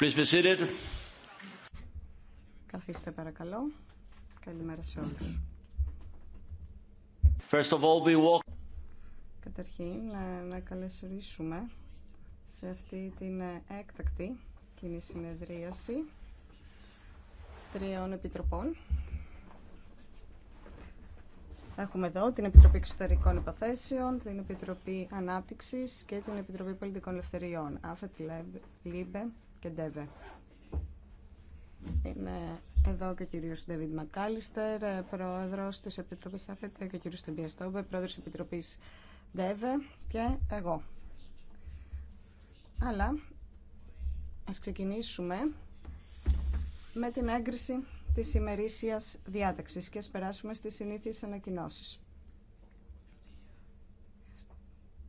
Please Καθίστε παρακαλώ. Καλημέρα σε όλους. Καταρχήν, να καλωσορίσουμε σε αυτή την ε, έκτακτη κοινή συνεδρίαση τριών επιτροπών. Έχουμε εδώ την Επιτροπή Εξωτερικών Υποθέσεων, την Επιτροπή Ανάπτυξης και την Επιτροπή Πολιτικών Ελευθεριών. ΛΥΜΠΕ και Ντέβε. Είναι εδώ και ο κύριο Ντέβιντ Μακάλιστερ, πρόεδρο τη Επιτροπή ΑφΕΤΕ και ο κύριο Τεμπία Στόμπε, πρόεδρο τη Επιτροπή Ντέβε και εγώ. Αλλά ας ξεκινήσουμε με την έγκριση της ημερήσιας διάταξης και ας περάσουμε στις συνήθειες ανακοινώσεις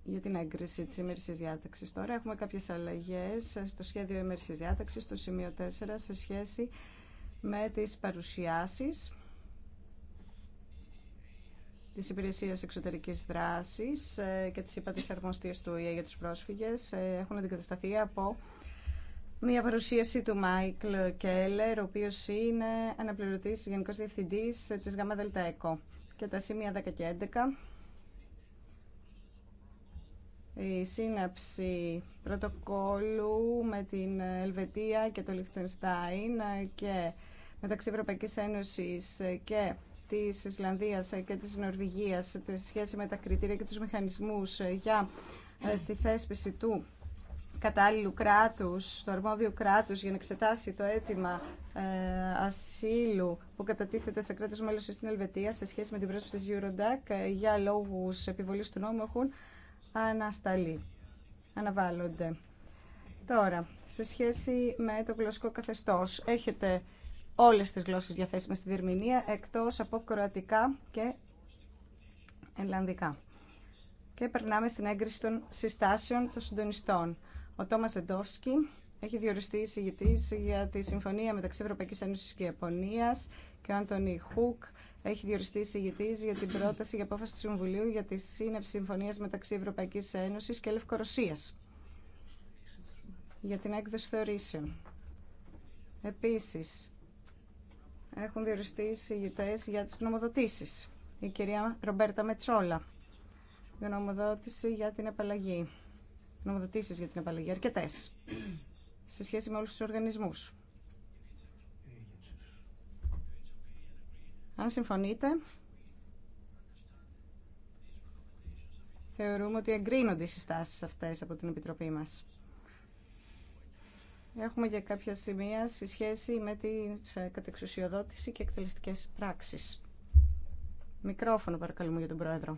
για την έγκριση τη ημερησία διάταξη. Τώρα έχουμε κάποιε αλλαγέ στο σχέδιο ημερησία διάταξη. στο σημείο 4, σε σχέση με τι παρουσιάσει τη υπηρεσία εξωτερική δράση ε, και τη ΥΠΑ τη αρμοστία του ΙΕ για του πρόσφυγε. Ε, έχουν αντικατασταθεί από μια παρουσίαση του Μάικλ Κέλλερ, ο οποίο είναι αναπληρωτή Γενικό διευθυντή τη ΓΑΜΑ ΕΚΟ. Και τα σημεία 10 και 11 η σύναψη πρωτοκόλλου με την Ελβετία και το Λιχτενστάιν και μεταξύ Ευρωπαϊκής Ένωσης και της Ισλανδίας και της Νορβηγίας σε σχέση με τα κριτήρια και τους μηχανισμούς για ε, τη θέσπιση του κατάλληλου κράτους, του αρμόδιου κράτους για να εξετάσει το αίτημα ε, ασύλου που κατατίθεται σε κράτος μέλος στην Ελβετία σε σχέση με την πρόσφυση της Eurodac ε, για λόγους επιβολής του νόμου έχουν ανασταλεί, αναβάλλονται. Τώρα, σε σχέση με το γλωσσικό καθεστώς, έχετε όλες τις γλώσσες διαθέσιμες στη Δερμηνία, εκτός από κροατικά και ελλανδικά. Και περνάμε στην έγκριση των συστάσεων των συντονιστών. Ο Τόμα Ζεντόφσκι έχει διοριστεί εισηγητή για τη συμφωνία μεταξύ Ευρωπαϊκή Ένωση και Ιαπωνία και ο Άντωνι Χουκ έχει διοριστεί εισηγητή για την πρόταση για απόφαση του Συμβουλίου για τη σύνευση συμφωνία μεταξύ Ευρωπαϊκή Ένωση και Λευκορωσία για την έκδοση θεωρήσεων. Επίσης, έχουν διοριστεί εισηγητέ για τις γνωμοδοτήσει. Η κυρία Ρομπέρτα Μετσόλα, γνωμοδότηση για την απαλλαγή. Γνωμοδοτήσει για την απαλλαγή, Αρκετέ. σε σχέση με όλου του οργανισμού. Αν συμφωνείτε, θεωρούμε ότι εγκρίνονται οι συστάσει αυτές από την Επιτροπή μας. Έχουμε για κάποια σημεία σε σχέση με την ε, κατεξουσιοδότηση και εκτελεστικέ πράξεις. Μικρόφωνο παρακαλούμε για τον Πρόεδρο.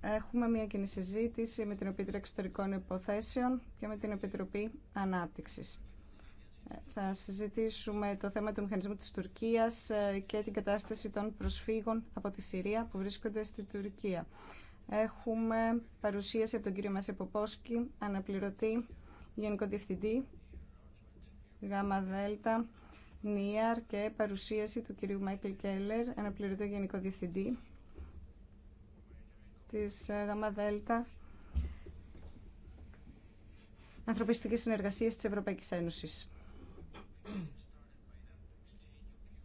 Έχουμε μια κοινή συζήτηση με την Επιτροπή Εξωτερικών Υποθέσεων και με την Επιτροπή Ανάπτυξης θα συζητήσουμε το θέμα του μηχανισμού της Τουρκίας ε, και την κατάσταση των προσφύγων από τη Συρία που βρίσκονται στη Τουρκία. Έχουμε παρουσίαση από τον κύριο Μασεποπόσκι, αναπληρωτή Γενικό Διευθυντή ΓΑΜΑ ΔΕΛΤΑ ΝΙΑΡ και παρουσίαση του κυρίου Μάικλ Κέλλερ, αναπληρωτή Γενικό Διευθυντή της ε, ΓΑΜΑ ΔΕΛΤΑ Ανθρωπιστικής Συνεργασίας της Ευρωπαϊκής Ένωσης.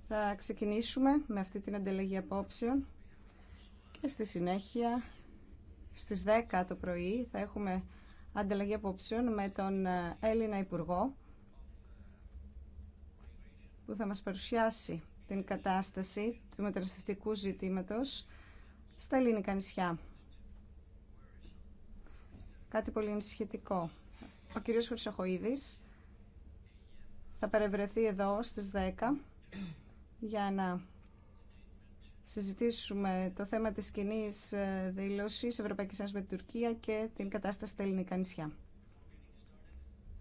Θα ξεκινήσουμε με αυτή την ανταλλαγή απόψεων και στη συνέχεια στις 10 το πρωί θα έχουμε ανταλλαγή απόψεων με τον ε, Έλληνα Υπουργό που θα μας παρουσιάσει την κατάσταση του μεταναστευτικού ζητήματος στα ελληνικά νησιά. Κάτι πολύ ενισχυτικό. Ο κύριος Χρυσοχοίδης θα παρευρεθεί εδώ στις 10 για να συζητήσουμε το θέμα της κοινή ε, δήλωσης Ευρωπαϊκής Ένωσης με την Τουρκία και την κατάσταση στα ελληνικά νησιά.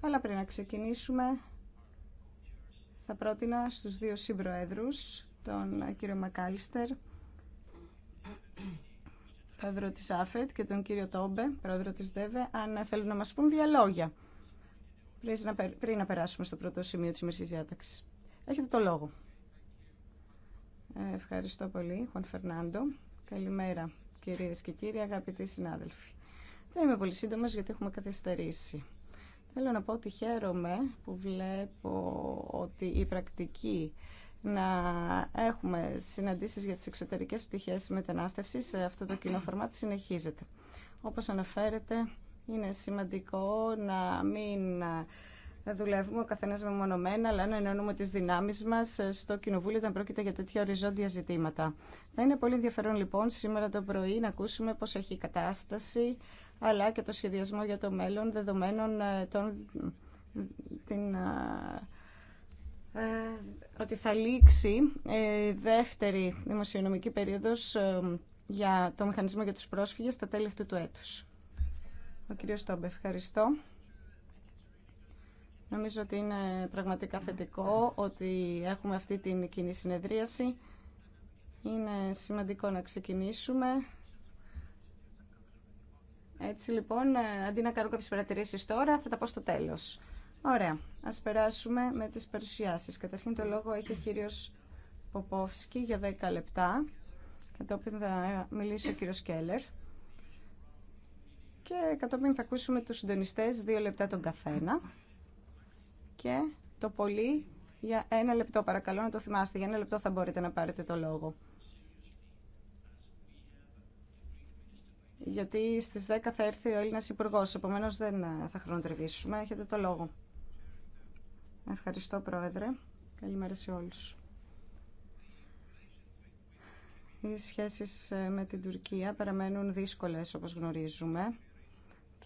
Αλλά πριν να ξεκινήσουμε, θα πρότεινα στους δύο συμπροέδρους, τον κύριο Μακάλιστερ, πρόεδρο της ΑΦΕΤ και τον κύριο Τόμπε, πρόεδρο της ΔΕΒΕ, αν θέλουν να μας πούν δύο πριν να περάσουμε στο πρώτο σημείο της ημερικής διάταξης. Έχετε το λόγο. Ε, ευχαριστώ πολύ, Χουαν Φερνάντο. Καλημέρα, κυρίες και κύριοι, αγαπητοί συνάδελφοι. Θα είμαι πολύ σύντομος γιατί έχουμε καθυστερήσει. Θέλω να πω ότι χαίρομαι που βλέπω ότι η πρακτική να έχουμε συναντήσεις για τις εξωτερικές πτυχές μετανάστευσης σε αυτό το κοινό φορμάτι συνεχίζεται. Όπως αναφέρεται, είναι σημαντικό να μην δουλεύουμε ο καθένα μεμονωμένα, αλλά να ενώνουμε τι δυνάμει μα στο Κοινοβούλιο όταν πρόκειται για τέτοια οριζόντια ζητήματα. Θα είναι πολύ ενδιαφέρον λοιπόν σήμερα το πρωί να ακούσουμε πώ έχει η κατάσταση, αλλά και το σχεδιασμό για το μέλλον δεδομένων ε, των. Την, ε, ε, ότι θα λήξει η δεύτερη δημοσιονομική περίοδος για το μηχανισμό για τους πρόσφυγες στα τέλη αυτού του έτους. Ο κύριος Στόμπε, ευχαριστώ. Νομίζω ότι είναι πραγματικά θετικό ότι έχουμε αυτή την κοινή συνεδρίαση. Είναι σημαντικό να ξεκινήσουμε. Έτσι λοιπόν, ε, αντί να κάνω κάποιες παρατηρήσεις τώρα, θα τα πω στο τέλος. Ωραία, ας περάσουμε με τις παρουσιάσεις. Καταρχήν το λόγο έχει ο κύριος Ποπόφσκι για 10 λεπτά. Κατόπιν θα μιλήσει ο κύριος Κέλλερ και κατόπιν θα ακούσουμε τους συντονιστέ δύο λεπτά τον καθένα και το πολύ για ένα λεπτό παρακαλώ να το θυμάστε. Για ένα λεπτό θα μπορείτε να πάρετε το λόγο. Γιατί στις 10 θα έρθει ο Έλληνας υπουργό, επομένως δεν ε, θα χρονοτριβήσουμε. Έχετε το λόγο. Ευχαριστώ Πρόεδρε. Καλημέρα σε όλους. Οι σχέσεις ε, με την Τουρκία παραμένουν δύσκολες όπως γνωρίζουμε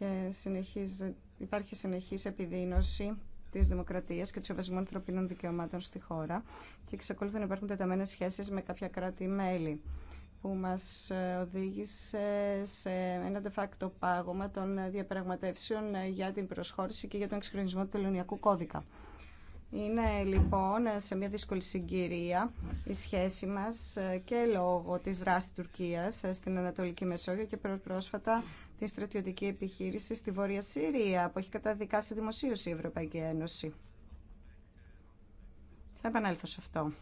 και συνεχίζει, υπάρχει συνεχής επιδείνωση της δημοκρατίας και του σεβασμού ανθρωπίνων δικαιωμάτων στη χώρα και εξακολουθούν να υπάρχουν τεταμένες σχέσεις με κάποια κράτη-μέλη που μας ε, οδήγησε σε ένα de facto πάγωμα των διαπραγματεύσεων ε, για την προσχώρηση και για τον εξυγχρονισμό του Τελωνιακού Κώδικα. Είναι λοιπόν σε μια δύσκολη συγκυρία η σχέση μας ε, και λόγω της δράσης Τουρκίας στην Ανατολική Μεσόγειο και πρόσφατα τη στρατιωτική επιχείρηση στη Βόρεια Σύρια που έχει καταδικάσει δημοσίως η Ευρωπαϊκή Ένωση. Θα επανέλθω σε αυτό.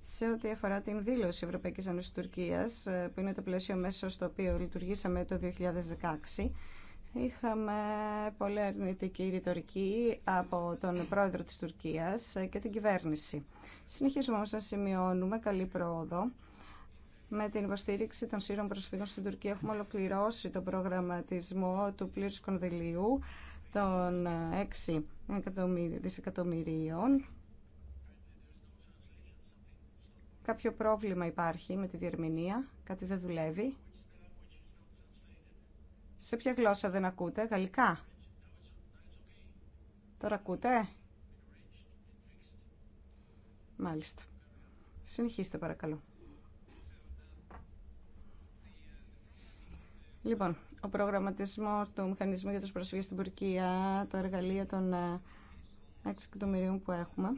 Σε ό,τι αφορά την δήλωση Ευρωπαϊκής Ένωσης Τουρκίας, ε, που είναι το πλαίσιο μέσο στο οποίο λειτουργήσαμε το 2016, Είχαμε πολύ αρνητική ρητορική από τον πρόεδρο της Τουρκίας ε, και την κυβέρνηση. Συνεχίζουμε όμως να σημειώνουμε καλή πρόοδο με την υποστήριξη των σύρων προσφύγων στην Τουρκία έχουμε ολοκληρώσει τον προγραμματισμό του πλήρους κονδυλίου των 6 ε, δισεκατομμυρίων. Κάποιο πρόβλημα υπάρχει με τη διερμηνία, κάτι δεν δουλεύει. Σε ποια γλώσσα δεν ακούτε, γαλλικά. Τώρα ακούτε. Μάλιστα. Συνεχίστε παρακαλώ. Λοιπόν, ο προγραμματισμό του μηχανισμού για του προσφύγε στην Τουρκία, το εργαλείο των 6 ε, εκατομμυρίων που έχουμε,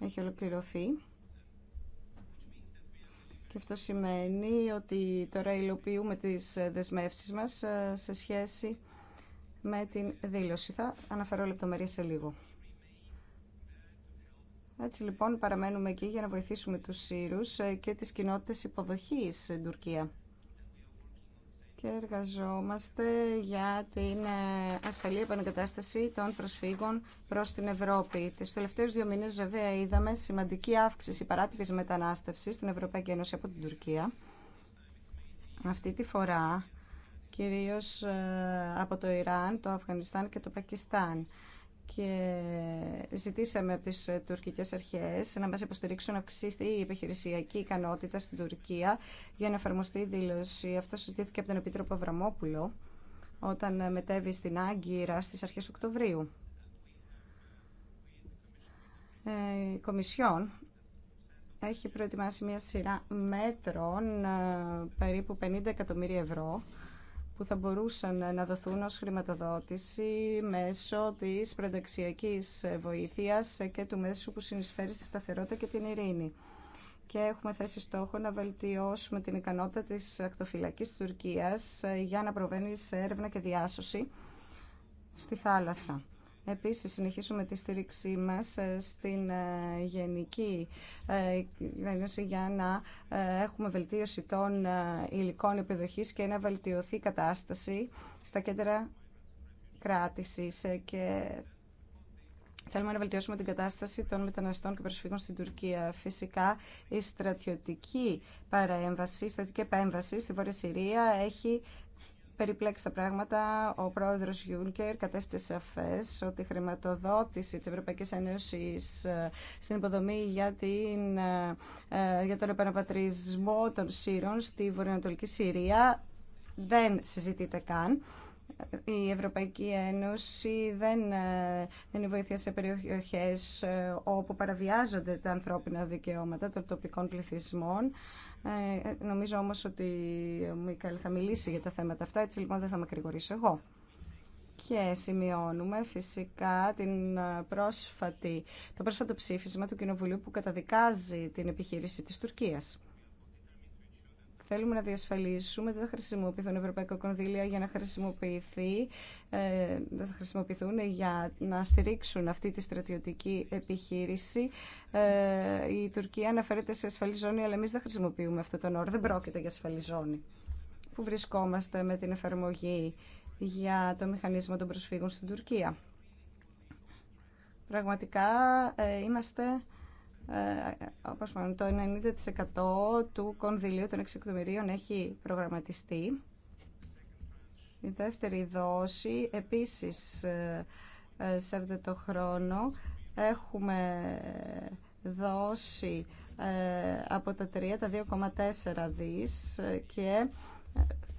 έχει ολοκληρωθεί. Και αυτό σημαίνει ότι τώρα υλοποιούμε τις ε, δεσμεύσεις μας ε, σε σχέση με την δήλωση. Θα αναφέρω λεπτομέρειες σε λίγο. Έτσι λοιπόν παραμένουμε εκεί για να βοηθήσουμε τους Σύρους και τις κοινότητες υποδοχής στην Τουρκία και εργαζόμαστε για την ε, ασφαλή επανακατάσταση των προσφύγων προς την Ευρώπη. Τις τελευταίους δύο μήνες βέβαια είδαμε σημαντική αύξηση παράτυπης μετανάστευσης στην Ευρωπαϊκή Ένωση από την Τουρκία. Αυτή τη φορά κυρίως ε, από το Ιράν, το Αφγανιστάν και το Πακιστάν και ζητήσαμε από τις ε, τουρκικές αρχές να μας υποστηρίξουν να αυξηθεί η επιχειρησιακή ικανότητα στην Τουρκία για να εφαρμοστεί η δήλωση. Αυτό συζητήθηκε από τον Επίτροπο Αβραμόπουλο όταν ε, μετέβη στην Άγκυρα στις αρχές Οκτωβρίου. Ε, η Κομισιόν έχει προετοιμάσει μια σειρά μέτρων περίπου 50 εκατομμύρια ευρώ που θα μπορούσαν να δοθούν ως χρηματοδότηση μέσω της προταξιακής βοήθειας και του μέσου που συνεισφέρει στη σταθερότητα και την ειρήνη. Και έχουμε θέσει στόχο να βελτιώσουμε την ικανότητα της ακτοφυλακής Τουρκίας για να προβαίνει σε έρευνα και διάσωση στη θάλασσα. Επίσης, συνεχίσουμε τη στήριξή μας ε, στην ε, Γενική ε, Κυβέρνηση για να έχουμε βελτίωση των υλικών επιδοχής και να βελτιωθεί η κατάσταση στα κέντρα κράτησης και Θέλουμε να βελτιώσουμε την κατάσταση των μεταναστών και προσφύγων στην Τουρκία. Φυσικά, η στρατιωτική παρέμβαση, η στρατιωτική επέμβαση στη Βόρεια Συρία έχει περιπλέξει τα πράγματα. Ο πρόεδρος Γιούνκερ κατέστησε σαφέ ότι η χρηματοδότηση της Ευρωπαϊκής Ένωση ε, στην υποδομή για, την, ε, ε, για τον επαναπατρισμό των Σύρων στη βορειοανατολική Συρία δεν συζητείται καν. Η Ευρωπαϊκή Ένωση δεν, δεν είναι βοήθεια σε περιοχές όπου παραβιάζονται τα ανθρώπινα δικαιώματα των τοπικών πληθυσμών. Ε, ε, νομίζω όμως ότι ο ε, Μίκαλ θα μιλήσει για τα θέματα αυτά, έτσι λοιπόν δεν θα με κρηγορήσω εγώ. Και σημειώνουμε φυσικά την πρόσφατη, το πρόσφατο ψήφισμα του Κοινοβουλίου που καταδικάζει την επιχείρηση της Τουρκίας. Θέλουμε να διασφαλίσουμε ότι δεν θα χρησιμοποιηθούν ευρωπαϊκά κονδύλια για να χρησιμοποιηθεί, ε, δεν θα χρησιμοποιηθούν για να στηρίξουν αυτή τη στρατιωτική επιχείρηση. Ε, η Τουρκία αναφέρεται σε ασφαλή ζώνη, αλλά εμεί δεν χρησιμοποιούμε αυτό τον όρο. Δεν πρόκειται για ασφαλή ζώνη. Πού βρισκόμαστε με την εφαρμογή για το μηχανισμό των προσφύγων στην Τουρκία. Πραγματικά ε, είμαστε ε, όπως το 90% του κονδυλίου των 6 εκατομμυρίων έχει προγραμματιστεί. Η δεύτερη δόση, επίσης σε ε, αυτό το χρόνο, έχουμε δώσει ε, από τα 3 τα 2,4 δις και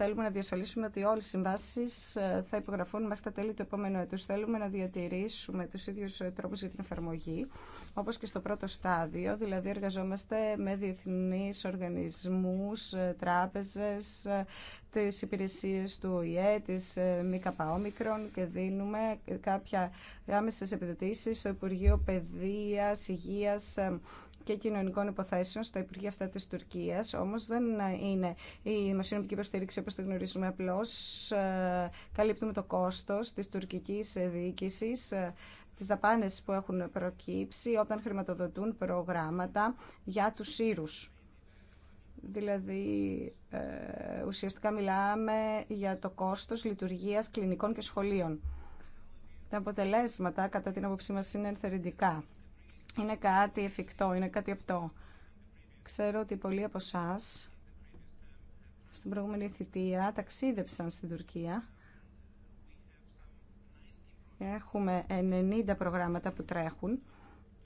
Θέλουμε να διασφαλίσουμε ότι όλες οι συμβάσεις ε, θα υπογραφούν μέχρι τα τέλη του επόμενου έτους. Θέλουμε να διατηρήσουμε τους ίδιους ε, τρόπους για την εφαρμογή, όπως και στο πρώτο στάδιο, δηλαδή εργαζόμαστε με διεθνείς οργανισμούς, ε, τράπεζες, τις υπηρεσίες του ΟΗΕ, της ΜΚΟ και δίνουμε κάποια άμεσες επιδοτήσεις στο Υπουργείο Παιδείας, Υγείας, και κοινωνικών υποθέσεων στα Υπουργεία αυτά της Τουρκίας, όμως δεν είναι η δημοσιονομική υποστήριξη όπως τη γνωρίζουμε απλώς. Ε, καλύπτουμε το κόστος της τουρκικής διοίκησης ε, τις δαπάνες που έχουν προκύψει όταν χρηματοδοτούν προγράμματα για τους σύρους. Δηλαδή, ε, ουσιαστικά μιλάμε για το κόστος λειτουργίας κλινικών και σχολείων. Τα αποτελέσματα, κατά την άποψή μας, είναι ενθαρρυντικά είναι κάτι εφικτό, είναι κάτι απτό. Ξέρω ότι πολλοί από εσά στην προηγούμενη θητεία ταξίδεψαν στην Τουρκία. Έχουμε 90 προγράμματα που τρέχουν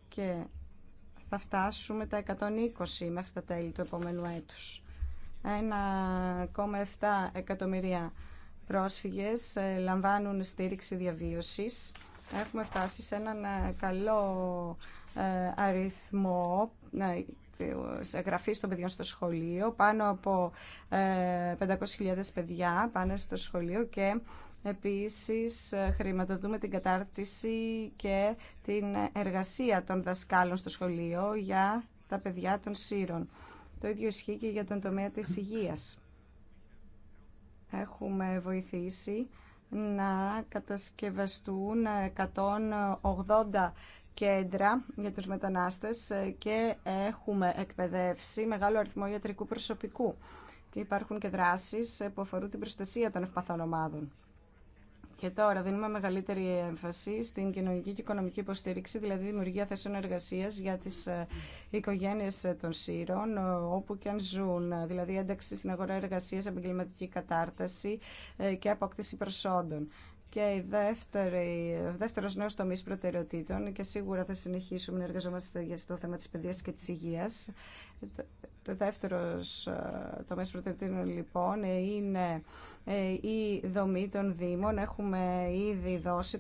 και θα φτάσουμε τα 120 μέχρι τα τέλη του επόμενου έτους. 1,7 εκατομμυρία πρόσφυγες ε, λαμβάνουν στήριξη διαβίωσης. Έχουμε φτάσει σε έναν ε, καλό ε, αριθμό εγγραφή των παιδιών στο σχολείο. Πάνω από 500.000 ε, παιδιά πάνε στο σχολείο και Επίσης, ε, χρηματοδοτούμε την κατάρτιση και την εργασία των δασκάλων στο σχολείο για τα παιδιά των σύρων. Το ίδιο ισχύει και για τον τομέα της υγείας. Έχουμε βοηθήσει να κατασκευαστούν 180 κέντρα για τους μετανάστες ε, και έχουμε εκπαιδεύσει μεγάλο αριθμό ιατρικού προσωπικού και υπάρχουν και δράσεις ε, που αφορούν την προστασία των ευπαθών ομάδων. Και τώρα δίνουμε μεγαλύτερη έμφαση στην κοινωνική και οικονομική υποστήριξη, δηλαδή δημιουργία θέσεων εργασία για τι ε, οικογένειε των Σύρων, όπου και αν ζουν, δηλαδή ένταξη στην αγορά εργασία, επαγγελματική κατάρταση και απόκτηση προσόντων και η δεύτερη, ο δεύτερο νέο τομή προτεραιοτήτων και σίγουρα θα συνεχίσουμε να εργαζόμαστε το θέμα τη παιδεία και τη υγεία. Το δεύτερο ε, τομέα προτεραιοτήτων λοιπόν είναι ε, η δομή των Δήμων. Έχουμε ήδη δώσει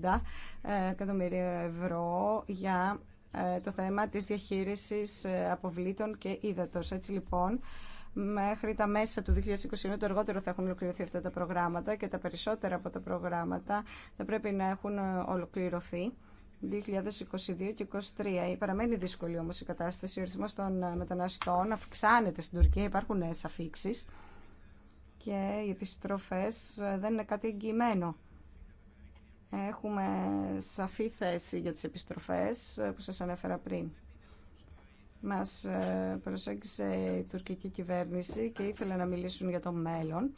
380 ε, εκατομμύρια ευρώ για το θέμα της διαχείρισης αποβλήτων και ύδατος. Έτσι λοιπόν, μέχρι τα μέσα του 2021 το αργότερο θα έχουν ολοκληρωθεί αυτά τα προγράμματα και τα περισσότερα από τα προγράμματα θα πρέπει να έχουν ε, ολοκληρωθεί. 2022 και 2023. Ε, παραμένει δύσκολη όμως η κατάσταση. Ο ρυθμός των ε, μεταναστών αυξάνεται στην Τουρκία. Υπάρχουν νέες αφήξεις και οι επιστροφές δεν είναι κάτι εγγυημένο. Έχουμε σαφή θέση για τις επιστροφές που σας ανέφερα πριν μας ε, προσέγγισε η τουρκική κυβέρνηση και ήθελε να μιλήσουν για το μέλλον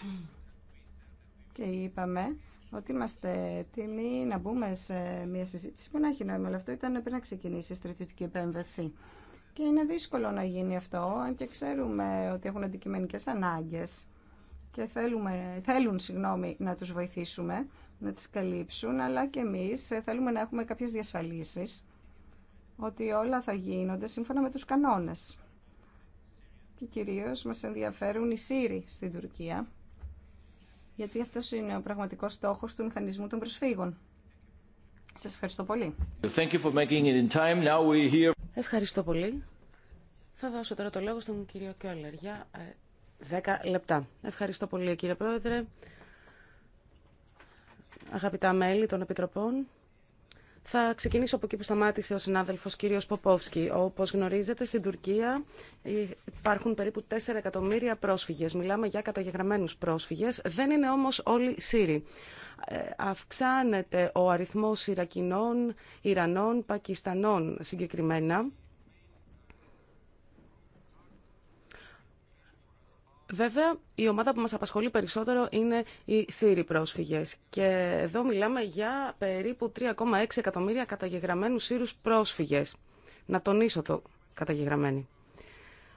και είπαμε ότι είμαστε έτοιμοι να μπούμε σε μια συζήτηση που να έχει νόημα, αλλά αυτό ήταν πριν να ξεκινήσει η στρατιωτική επέμβαση. Και είναι δύσκολο να γίνει αυτό, αν και ξέρουμε ότι έχουν αντικειμενικές ανάγκες και θέλουμε, θέλουν συγγνώμη, να τους βοηθήσουμε, να τις καλύψουν, αλλά και εμείς θέλουμε να έχουμε κάποιες διασφαλίσεις ότι όλα θα γίνονται σύμφωνα με τους κανόνες. Και κυρίως μας ενδιαφέρουν οι Σύροι στην Τουρκία, γιατί αυτός είναι ο πραγματικός στόχος του μηχανισμού των προσφύγων. Σας ευχαριστώ πολύ. Ευχαριστώ πολύ. Θα δώσω τώρα το λόγο στον κύριο Κιόλερ για 10 ε, λεπτά. Ευχαριστώ πολύ κύριε Πρόεδρε. Αγαπητά μέλη των Επιτροπών, θα ξεκινήσω από εκεί που σταμάτησε ο συνάδελφος κύριος Ποπόφσκι. Όπως γνωρίζετε, στην Τουρκία υπάρχουν περίπου 4 εκατομμύρια πρόσφυγες. Μιλάμε για καταγεγραμμένους πρόσφυγες. Δεν είναι όμως όλοι Σύροι. Ε, αυξάνεται ο αριθμός Ιρακινών, Ιρανών, Πακιστανών συγκεκριμένα Βέβαια, η ομάδα που μας απασχολεί περισσότερο είναι οι Σύριοι πρόσφυγες και εδώ μιλάμε για περίπου 3,6 εκατομμύρια καταγεγραμμένους Σύρους πρόσφυγες. Να τονίσω το καταγεγραμμένοι.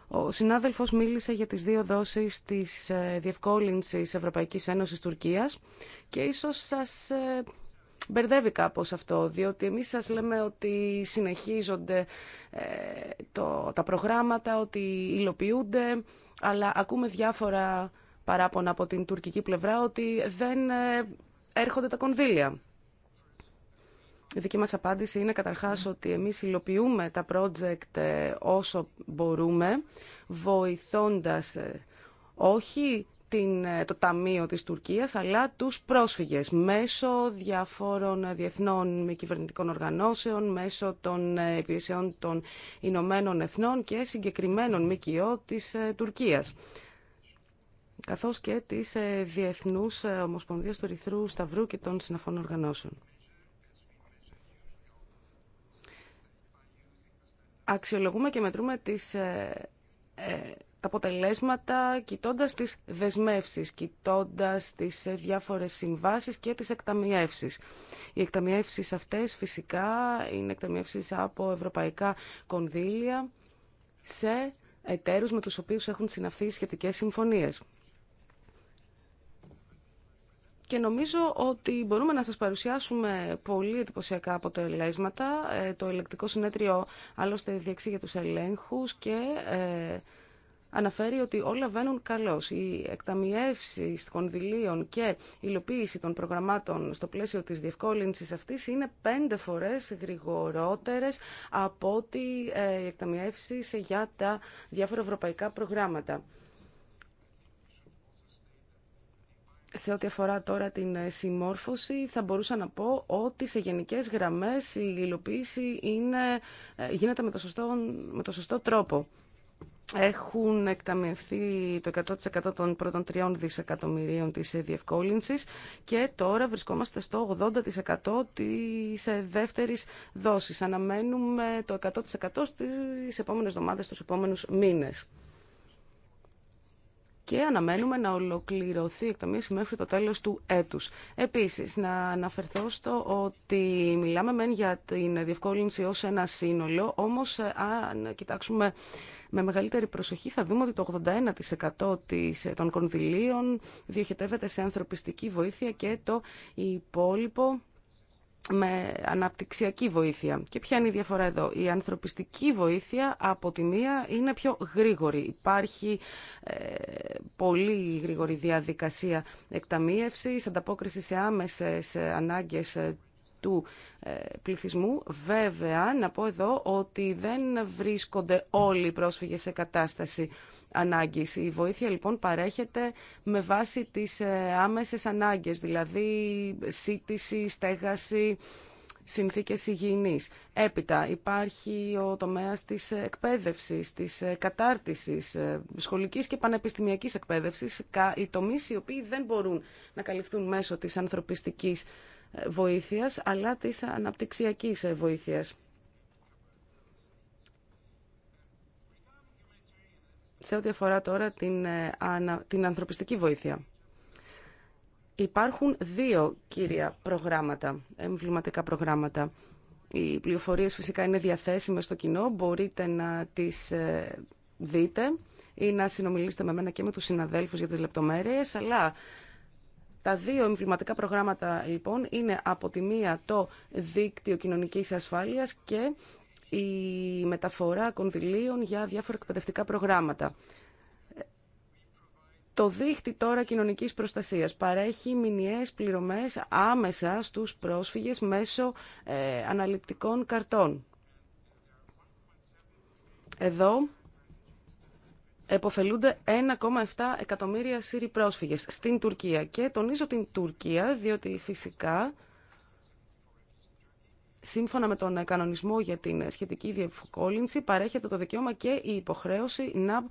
Ο συνάδελφος μίλησε για τις δύο δόσεις της ε, διευκόλυνσης Ευρωπαϊκής Ένωσης Τουρκίας και ίσως σας ε, μπερδεύει κάπως αυτό, διότι εμείς σας λέμε ότι συνεχίζονται ε, τα προγράμματα, ότι υλοποιούνται αλλά ακούμε διάφορα παράπονα από την τουρκική πλευρά ότι δεν ε, έρχονται τα κονδύλια. Η δική μας απάντηση είναι καταρχάς ότι εμείς υλοποιούμε τα project ε, όσο μπορούμε, βοηθώντας ε, όχι την, το Ταμείο της Τουρκίας, αλλά τους πρόσφυγες μέσω διαφόρων διεθνών μη κυβερνητικών οργανώσεων, μέσω των ε, υπηρεσιών των Ηνωμένων Εθνών και συγκεκριμένων ΜΚΟ της ε, Τουρκίας καθώς και της ε, Διεθνούς Ομοσπονδίας του Ρηθρού Σταυρού και των Συναφών Οργανώσεων. Αξιολογούμε και μετρούμε τις τα αποτελέσματα κοιτώντας τις δεσμεύσεις, κοιτώντας τις διάφορες συμβάσεις και τις εκταμιεύσεις. Οι εκταμιεύσεις αυτές φυσικά είναι εκταμιεύσεις από ευρωπαϊκά κονδύλια σε εταίρους με τους οποίους έχουν συναυθεί σχετικές συμφωνίες. Και νομίζω ότι μπορούμε να σας παρουσιάσουμε πολύ εντυπωσιακά αποτελέσματα. Ε, το ελεκτικό συνέδριο άλλωστε διεξήγει τους ελέγχους και ε, αναφέρει ότι όλα βαίνουν καλώς. Οι εκταμιεύσει κονδυλίων και η υλοποίηση των προγραμμάτων στο πλαίσιο της διευκόλυνσης αυτής είναι πέντε φορές γρηγορότερες από ότι ε, οι εκταμιεύσει για τα διάφορα ευρωπαϊκά προγράμματα. σε ό,τι αφορά τώρα την ε, συμμόρφωση, θα μπορούσα να πω ότι σε γενικές γραμμές η υλοποίηση είναι, ε, γίνεται με με το σωστό τρόπο έχουν εκταμιευθεί το 100% των πρώτων τριών δισεκατομμυρίων της διευκόλυνσης και τώρα βρισκόμαστε στο 80% της ε, δεύτερης δόσης. Αναμένουμε το 100% στις επόμενες εβδομάδες, στους επόμενους μήνες. Και αναμένουμε να ολοκληρωθεί η εκταμίευση μέχρι το τέλος του έτους. Επίσης, να αναφερθώ στο ότι μιλάμε μεν για την διευκόλυνση ως ένα σύνολο, όμως ε, αν κοιτάξουμε με μεγαλύτερη προσοχή θα δούμε ότι το 81% ε, των κονδυλίων διοχετεύεται σε ανθρωπιστική βοήθεια και το υπόλοιπο με αναπτυξιακή βοήθεια. Και ποια είναι η διαφορά εδώ. Η ανθρωπιστική βοήθεια από τη μία είναι πιο γρήγορη. Υπάρχει ε, πολύ γρήγορη διαδικασία εκταμίευσης, ανταπόκριση σε άμεσες ε, ανάγκες του ε, πληθυσμού. Βέβαια, να πω εδώ ότι δεν βρίσκονται όλοι οι πρόσφυγες σε κατάσταση ανάγκης. Η βοήθεια λοιπόν παρέχεται με βάση τις ε, άμεσες ανάγκες, δηλαδή σύντηση, στέγαση, συνθήκες υγιεινής. Έπειτα υπάρχει ο τομέας της εκπαίδευσης, της ε, κατάρτισης, σχολικής και πανεπιστημιακής εκπαίδευσης, οι τομείς οι οποίοι δεν μπορούν να καλυφθούν μέσω της ανθρωπιστικής βοήθειας αλλά της αναπτυξιακής βοήθειας. Σε ό,τι αφορά τώρα την, ε, την ανθρωπιστική βοήθεια. Υπάρχουν δύο κύρια προγράμματα, εμβληματικά προγράμματα. Οι πληροφορίες φυσικά είναι διαθέσιμες στο κοινό, μπορείτε να τις ε, δείτε ή να συνομιλήσετε με μένα και με τους συναδέλφους για τις λεπτομέρειες, αλλά τα δύο εμβληματικά προγράμματα λοιπόν είναι από τη μία το δίκτυο κοινωνικής ασφάλειας και η μεταφορά κονδυλίων για διάφορα εκπαιδευτικά προγράμματα. Το δίχτυ τώρα κοινωνικής προστασίας παρέχει μηνιαίες πληρωμές άμεσα στους πρόσφυγες μέσω ε, καρτών. Εδώ εποφελούνται 1,7 εκατομμύρια Σύριοι πρόσφυγες στην Τουρκία. Και τονίζω την Τουρκία διότι φυσικά σύμφωνα με τον κανονισμό για την σχετική διευκόλυνση παρέχεται το δικαίωμα και η υποχρέωση να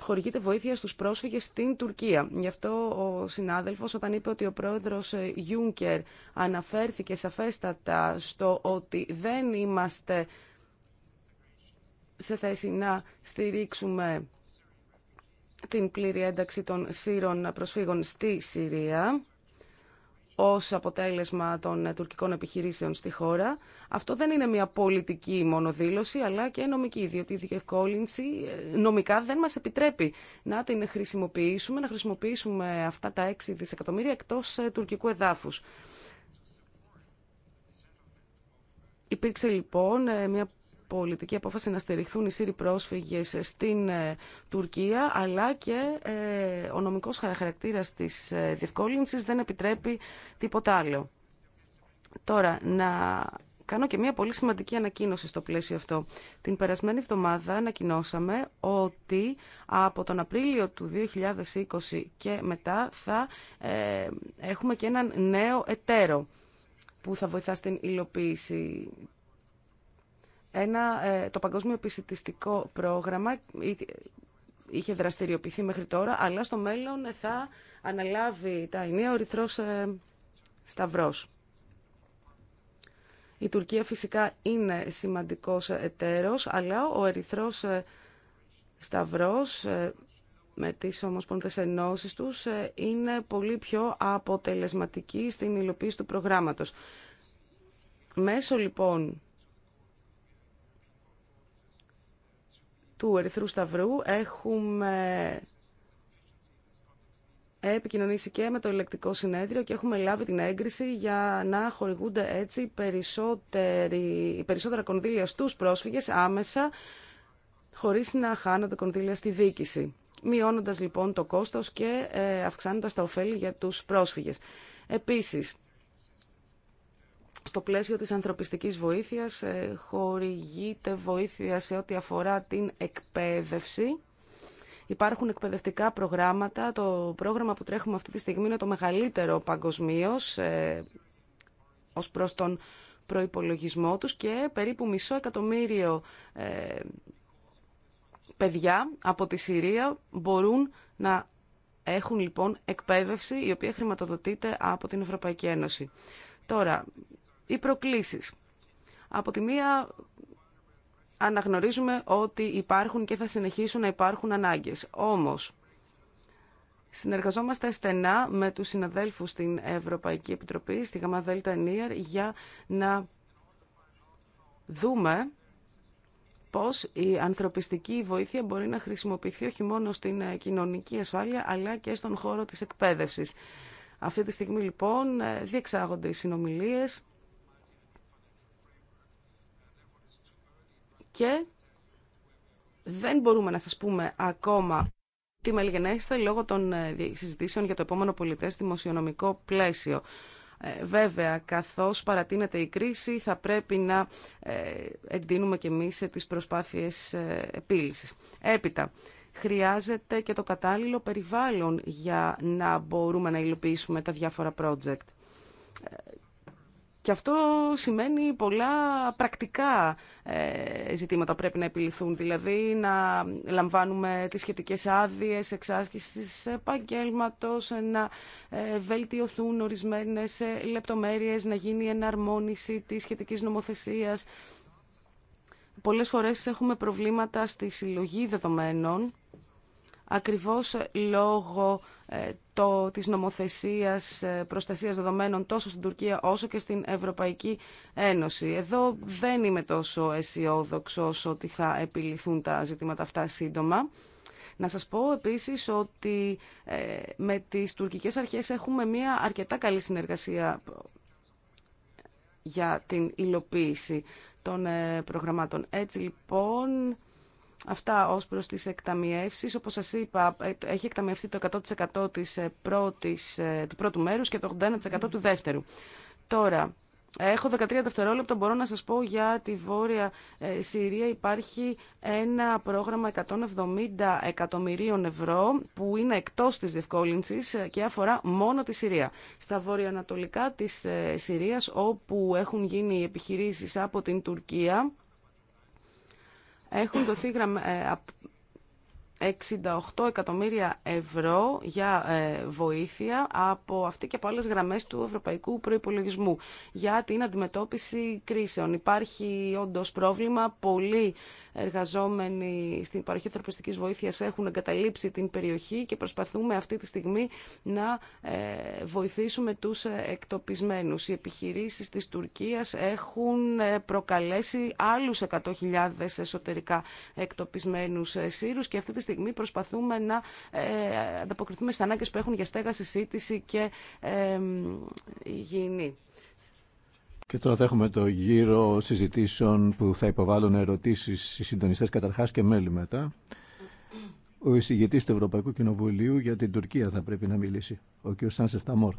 χορηγείται βοήθεια στους πρόσφυγες στην Τουρκία. Γι' αυτό ο συνάδελφος όταν είπε ότι ο πρόεδρος Γιούνκερ αναφέρθηκε σαφέστατα στο ότι δεν είμαστε σε θέση να στηρίξουμε την πλήρη ένταξη των Σύρων προσφύγων στη Συρία ως αποτέλεσμα των τουρκικών επιχειρήσεων στη χώρα. Αυτό δεν είναι μια πολιτική μονοδήλωση, αλλά και νομική, διότι η διευκόλυνση ε, νομικά δεν μας επιτρέπει να την χρησιμοποιήσουμε, να χρησιμοποιήσουμε αυτά τα 6 δισεκατομμύρια εκτός ε, τουρκικού εδάφους. Υπήρξε λοιπόν ε, μια πολιτική απόφαση να στηριχθούν οι Σύριοι πρόσφυγες στην ε, Τουρκία, αλλά και ε, ο νομικός χαρακτήρας της ε, διευκόλυνση δεν επιτρέπει τίποτα άλλο. Τώρα, να κάνω και μια πολύ σημαντική ανακοίνωση στο πλαίσιο αυτό. Την περασμένη εβδομάδα ανακοινώσαμε ότι από τον Απρίλιο του 2020 και μετά θα έχουμε και έναν νέο εταίρο που θα βοηθά στην υλοποίηση ένα, ε, το Παγκόσμιο Επιστημιστικό Πρόγραμμα είχε δραστηριοποιηθεί μέχρι τώρα, αλλά στο μέλλον θα αναλάβει τα ενία ο ερυθρό. Ε, Σταυρός. Η Τουρκία φυσικά είναι σημαντικός εταίρος, αλλά ο Ερυθρός ε, Σταυρός με τις όμως Ενώσεις τους είναι πολύ πιο αποτελεσματική στην υλοποίηση του προγράμματος. Μέσω λοιπόν του Ερυθρού Σταυρού. Έχουμε επικοινωνήσει και με το ηλεκτρικό συνέδριο και έχουμε λάβει την έγκριση για να χορηγούνται έτσι περισσότερα κονδύλια στους πρόσφυγες άμεσα χωρίς να χάνονται κονδύλια στη δίκηση. Μειώνοντας λοιπόν το κόστος και ε, αυξάνοντας τα ωφέλη για τους πρόσφυγες. Επίσης, στο πλαίσιο της ανθρωπιστικής βοήθειας ε, χορηγείται βοήθεια σε ό,τι αφορά την εκπαίδευση. Υπάρχουν εκπαιδευτικά προγράμματα. Το πρόγραμμα που τρέχουμε αυτή τη στιγμή είναι το μεγαλύτερο παγκοσμίω ε, ως προς τον προϋπολογισμό τους και περίπου μισό εκατομμύριο ε, παιδιά από τη Συρία μπορούν να έχουν λοιπόν εκπαίδευση η οποία χρηματοδοτείται από την Ευρωπαϊκή Ένωση. Τώρα, οι προκλήσεις. Από τη μία αναγνωρίζουμε ότι υπάρχουν και θα συνεχίσουν να υπάρχουν ανάγκες. Όμως, συνεργαζόμαστε στενά με τους συναδέλφους στην Ευρωπαϊκή Επιτροπή, στη ΔΕΛΤΑ ΕΝΙΑΡ, για να δούμε πώς η ανθρωπιστική βοήθεια μπορεί να χρησιμοποιηθεί όχι μόνο στην κοινωνική ασφάλεια, αλλά και στον χώρο της εκπαίδευσης. Αυτή τη στιγμή, λοιπόν, διεξάγονται οι συνομιλίες και δεν μπορούμε να σας πούμε ακόμα τι μελγενέστε λόγω των ε, συζητήσεων για το επόμενο πολιτές δημοσιονομικό πλαίσιο. Ε, βέβαια, καθώς παρατείνεται η κρίση, θα πρέπει να ε, εντείνουμε και εμείς ε, τις προσπάθειες ε, επίλυσης. Έπειτα, χρειάζεται και το κατάλληλο περιβάλλον για να μπορούμε να υλοποιήσουμε τα διάφορα project. Και αυτό σημαίνει πολλά πρακτικά ε, ζητήματα πρέπει να επιληθούν, δηλαδή να λαμβάνουμε τις σχετικές άδειες εξάσκησης επαγγέλματο, να ε, βελτιωθούν ορισμένες ε, λεπτομέρειες, να γίνει εναρμόνιση της σχετικής νομοθεσίας. Πολλές φορές έχουμε προβλήματα στη συλλογή δεδομένων ακριβώς λόγω ε, το, της νομοθεσίας ε, προστασίας δεδομένων τόσο στην Τουρκία όσο και στην Ευρωπαϊκή Ένωση. Εδώ δεν είμαι τόσο αισιόδοξο ότι θα επιληθούν τα ζητήματα αυτά σύντομα. Να σας πω επίσης ότι ε, με τις τουρκικές αρχές έχουμε μια αρκετά καλή συνεργασία για την υλοποίηση των προγραμμάτων. Έτσι λοιπόν Αυτά ω προ τις εκταμιεύσει, Όπως σας είπα, έχει εκταμιευτεί το 100% της ε, πρώτης, ε, του πρώτου μέρου και το 81% του δεύτερου. Τώρα, έχω 13 δευτερόλεπτα, μπορώ να σας πω για τη Βόρεια ε, Συρία υπάρχει ένα πρόγραμμα 170 εκατομμυρίων ευρώ που είναι εκτός τη διευκόλυνση και αφορά μόνο τη Συρία. Στα βόρεια-ανατολικά της Συρίας όπου έχουν γίνει επιχειρήσει από την Τουρκία έχουν δοθεί γραμμα, ε, 68 εκατομμύρια ευρώ για ε, βοήθεια από αυτή και από άλλες γραμμές του Ευρωπαϊκού Προϋπολογισμού για την αντιμετώπιση κρίσεων. Υπάρχει όντως πρόβλημα. Πολλοί εργαζόμενοι στην παροχή ανθρωπιστικής βοήθειας έχουν εγκαταλείψει την περιοχή και προσπαθούμε αυτή τη στιγμή να ε, βοηθήσουμε τους εκτοπισμένους. Οι επιχειρήσεις της Τουρκίας έχουν ε, προκαλέσει άλλους 100.000 εσωτερικά εκτοπισμένους σύρου. και αυτή τη στιγμή προσπαθούμε να ε, ανταποκριθούμε στι ανάγκε που έχουν για στέγαση, σύντηση και υγιεινή. Και τώρα θα έχουμε το γύρο συζητήσεων που θα υποβάλλουν ερωτήσει, οι συντονιστές καταρχάς και μέλη μετά. Ο εισηγητή του Ευρωπαϊκού Κοινοβουλίου για την Τουρκία θα πρέπει να μιλήσει, ο κ. Σάνσε Σταμόρ.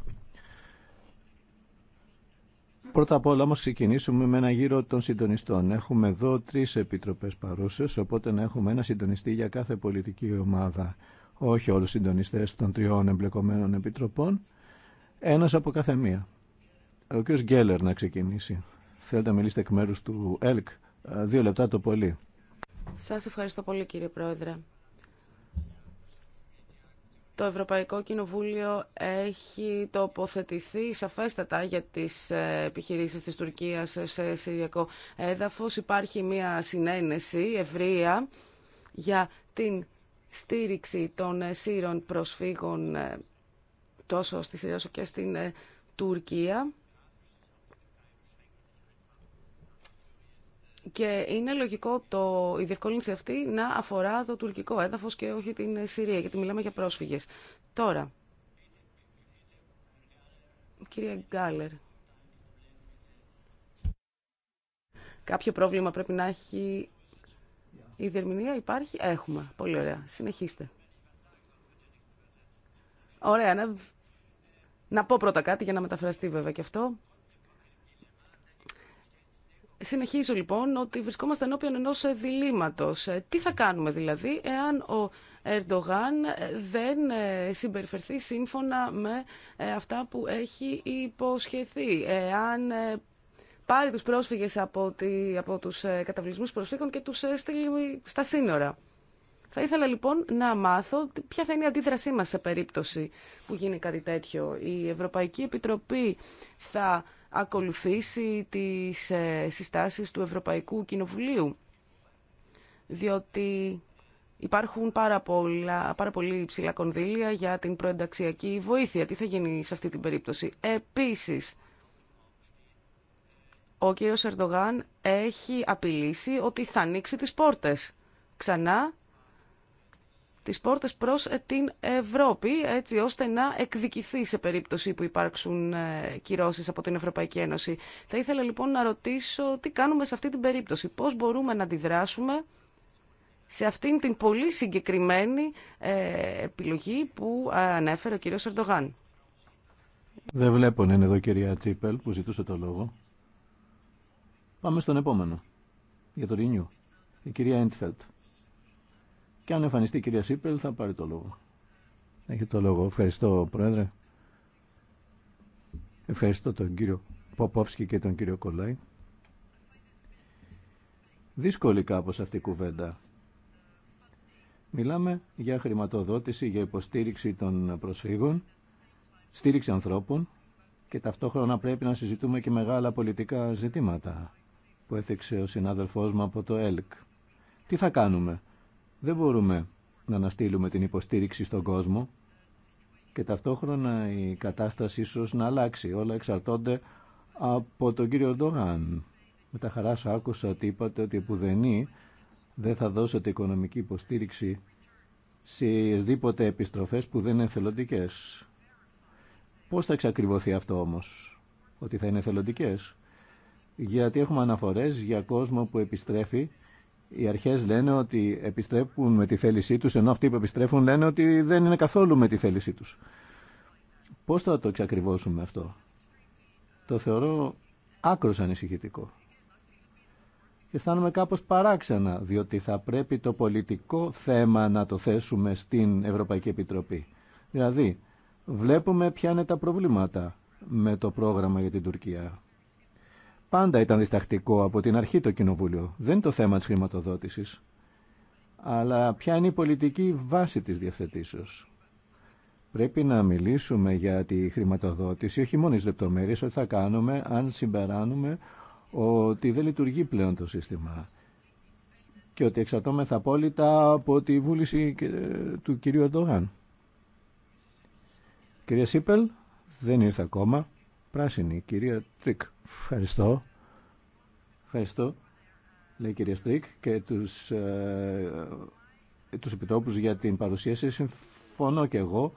Πρώτα απ' όλα όμως ξεκινήσουμε με ένα γύρο των συντονιστών. Έχουμε εδώ τρεις επιτροπές παρούσες, οπότε να έχουμε ένα συντονιστή για κάθε πολιτική ομάδα. Όχι όλους συντονιστές των τριών εμπλεκομένων επιτροπών. Ένας από κάθε μία. Ο κ. Γκέλλερ να ξεκινήσει. Θέλετε να μιλήσετε εκ μέρου του ΕΛΚ. Ε, δύο λεπτά το πολύ. Σας ευχαριστώ πολύ κύριε Πρόεδρε. Το Ευρωπαϊκό Κοινοβούλιο έχει τοποθετηθεί σαφέστατα για τις ε, επιχειρήσεις της Τουρκίας σε Συριακό έδαφος. Υπάρχει μια συνένεση ευρεία για την στήριξη των ε, Σύρων προσφύγων ε, τόσο στη Συρία όσο και στην Τουρκία. Και είναι λογικό το, η διευκόλυνση αυτή να αφορά το τουρκικό έδαφος και όχι την Συρία, γιατί μιλάμε για πρόσφυγες. Τώρα, κύριε Γκάλερ, κάποιο πρόβλημα πρέπει να έχει η διερμηνία, υπάρχει, έχουμε. Πολύ ωραία, συνεχίστε. Ωραία, να, να πω πρώτα κάτι για να μεταφραστεί βέβαια και αυτό. Συνεχίζω λοιπόν ότι βρισκόμαστε ενώπιον ενό διλήμματος. Ε, τι θα κάνουμε δηλαδή εάν ο Ερντογάν ε, δεν ε, συμπεριφερθεί σύμφωνα με αυτά που έχει υποσχεθεί. Εάν πάρει τους πρόσφυγες από, από τους καταβλισμούς προσφύγων και τους στείλει στα σύνορα. Θα ήθελα λοιπόν να μάθω ποια θα είναι η αντίδρασή μας σε περίπτωση που γίνει κάτι τέτοιο. Η Ευρωπαϊκή Επιτροπή θα ακολουθήσει τις ε, συστάσεις του Ευρωπαϊκού Κοινοβουλίου. Διότι υπάρχουν πάρα, πολλά, πάρα πολύ ψηλά κονδύλια για την προενταξιακή βοήθεια. Τι θα γίνει σε αυτή την περίπτωση. Επίσης, ο κύριος Ερντογάν έχει απειλήσει ότι θα ανοίξει τις πόρτες. Ξανά τις πόρτες προς ε, την Ευρώπη, έτσι ώστε να εκδικηθεί σε περίπτωση που υπάρξουν ε, κυρώσεις από την Ευρωπαϊκή Ένωση. Θα ήθελα λοιπόν να ρωτήσω τι κάνουμε σε αυτή την περίπτωση, πώς μπορούμε να αντιδράσουμε σε αυτήν την πολύ συγκεκριμένη ε, επιλογή που ανέφερε ο κύριος Ερντογάν. Δεν βλέπω να είναι εδώ κυρία Τσίπελ που ζητούσε το λόγο. Πάμε στον επόμενο, για το Ρινιού, η κυρία Έντφελτ. Και αν εμφανιστεί η κυρία Σίπελ θα πάρει το λόγο. Έχει το λόγο. Ευχαριστώ Πρόεδρε. Ευχαριστώ τον κύριο Ποπόφσκι και τον κύριο Κολάη. Δύσκολη κάπως αυτή η κουβέντα. Μιλάμε για χρηματοδότηση, για υποστήριξη των προσφύγων, στήριξη ανθρώπων και ταυτόχρονα πρέπει να συζητούμε και μεγάλα πολιτικά ζητήματα που έθιξε ο συνάδελφός μου από το ΕΛΚ. Τι θα κάνουμε. Δεν μπορούμε να αναστείλουμε την υποστήριξη στον κόσμο και ταυτόχρονα η κατάσταση ίσως να αλλάξει. Όλα εξαρτώνται από τον κύριο Ντόγαν. Με τα χαρά σου άκουσα ότι είπατε ότι επουδενή δεν θα δώσετε οικονομική υποστήριξη σε διποτε επιστροφές που δεν είναι εθελοντικές. Πώς θα εξακριβωθεί αυτό όμως, ότι θα είναι εθελοντικές. Γιατί έχουμε αναφορές για κόσμο που επιστρέφει οι αρχές λένε ότι επιστρέφουν με τη θέλησή τους, ενώ αυτοί που επιστρέφουν λένε ότι δεν είναι καθόλου με τη θέλησή τους. Πώς θα το εξακριβώσουμε αυτό. Το θεωρώ άκρο ανησυχητικό. Και αισθάνομαι κάπως παράξενα, διότι θα πρέπει το πολιτικό θέμα να το θέσουμε στην Ευρωπαϊκή Επιτροπή. Δηλαδή, βλέπουμε ποια είναι τα προβλήματα με το πρόγραμμα για την Τουρκία. Πάντα ήταν διστακτικό από την αρχή το Κοινοβούλιο. Δεν είναι το θέμα της χρηματοδότησης. Αλλά ποια είναι η πολιτική βάση της διευθετήσεως. Πρέπει να μιλήσουμε για τη χρηματοδότηση, όχι μόνο τις ότι θα κάνουμε αν συμπεράνουμε ότι δεν λειτουργεί πλέον το σύστημα και ότι εξαρτώμεθα απόλυτα από τη βούληση ε, του κυρίου Ερντογάν. Κυρία Σίπελ, δεν ήρθε ακόμα. Πράσινη, κυρία Τρίκ. Ευχαριστώ. Ευχαριστώ, λέει η κυρία Στρίκ και τους, ε, ε, τους επιτρόπους για την παρουσίαση. Συμφωνώ και εγώ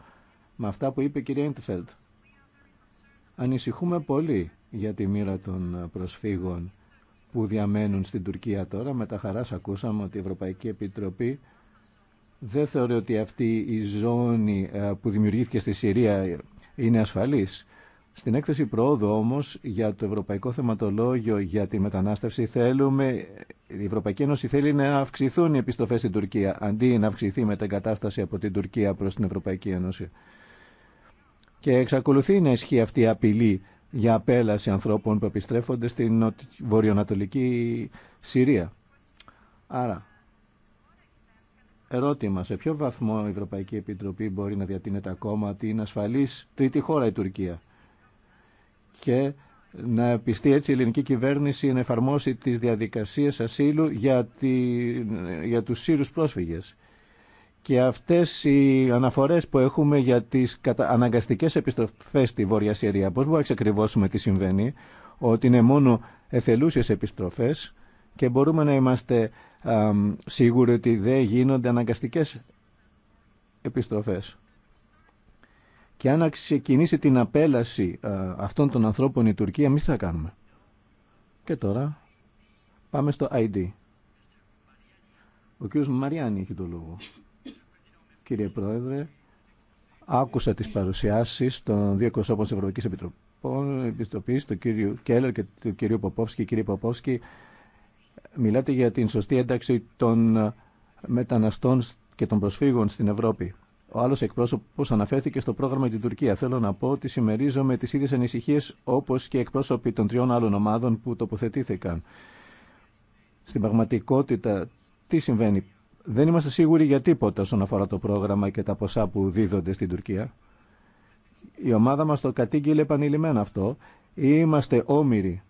με αυτά που είπε η κυρία Ιντφελτ. Ανησυχούμε πολύ για τη μοίρα των προσφύγων που διαμένουν στην Τουρκία τώρα. Με τα χαράς ακούσαμε ότι η Ευρωπαϊκή Επιτροπή δεν θεωρεί ότι αυτή η ζώνη ε, που δημιουργήθηκε στη Συρία είναι ασφαλής στην έκθεση προόδου όμως για το Ευρωπαϊκό Θεματολόγιο για τη μετανάστευση θέλουμε, η Ευρωπαϊκή Ένωση θέλει να αυξηθούν οι επιστροφές στην Τουρκία αντί να αυξηθεί η κατάσταση από την Τουρκία προς την Ευρωπαϊκή Ένωση. Και εξακολουθεί να ισχύει αυτή η απειλή για απέλαση ανθρώπων που επιστρέφονται στην βορειοανατολική Συρία. Άρα, ερώτημα, σε ποιο βαθμό η Ευρωπαϊκή Επιτροπή μπορεί να διατείνεται ακόμα ότι είναι ασφαλής τρίτη χώρα η Τουρκία και να πιστεί έτσι η ελληνική κυβέρνηση να εφαρμόσει τις διαδικασίες ασύλου για, τη, για τους Σύρους πρόσφυγες. Και αυτές οι αναφορές που έχουμε για τις κατα... αναγκαστικές επιστροφές στη Βόρεια Συρία, πώς μπορούμε να εξακριβώσουμε τι συμβαίνει, ότι είναι μόνο εθελούσιες επιστροφές και μπορούμε να είμαστε σίγουροι ότι δεν γίνονται αναγκαστικές επιστροφές. Και αν ξεκινήσει την απέλαση ε, αυτών των ανθρώπων η Τουρκία, εμεί τι θα κάνουμε. Και τώρα πάμε στο ID. Ο κύριος Μαριάννη έχει το λόγο. Κύριε Πρόεδρε, άκουσα τις παρουσιάσεις των δύο εκπροσώπων της Ευρωπαϊκής Επιτροπής, του κύριου Κέλλερ και του κυρίου Ποπόφσκη. Κύριε Ποπόφσκη, μιλάτε για την σωστή ένταξη των μεταναστών και των προσφύγων στην Ευρώπη. Ο άλλο εκπρόσωπο αναφέρθηκε στο πρόγραμμα για την Τουρκία. Θέλω να πω ότι συμμερίζομαι τι ίδιε ανησυχίε όπω και εκπρόσωποι των τριών άλλων ομάδων που τοποθετήθηκαν. Στην πραγματικότητα, τι συμβαίνει. Δεν είμαστε σίγουροι για τίποτα όσον αφορά το πρόγραμμα και τα ποσά που δίδονται στην Τουρκία. Η ομάδα μα το κατήγγειλε επανειλημμένα αυτό. Είμαστε όμοιροι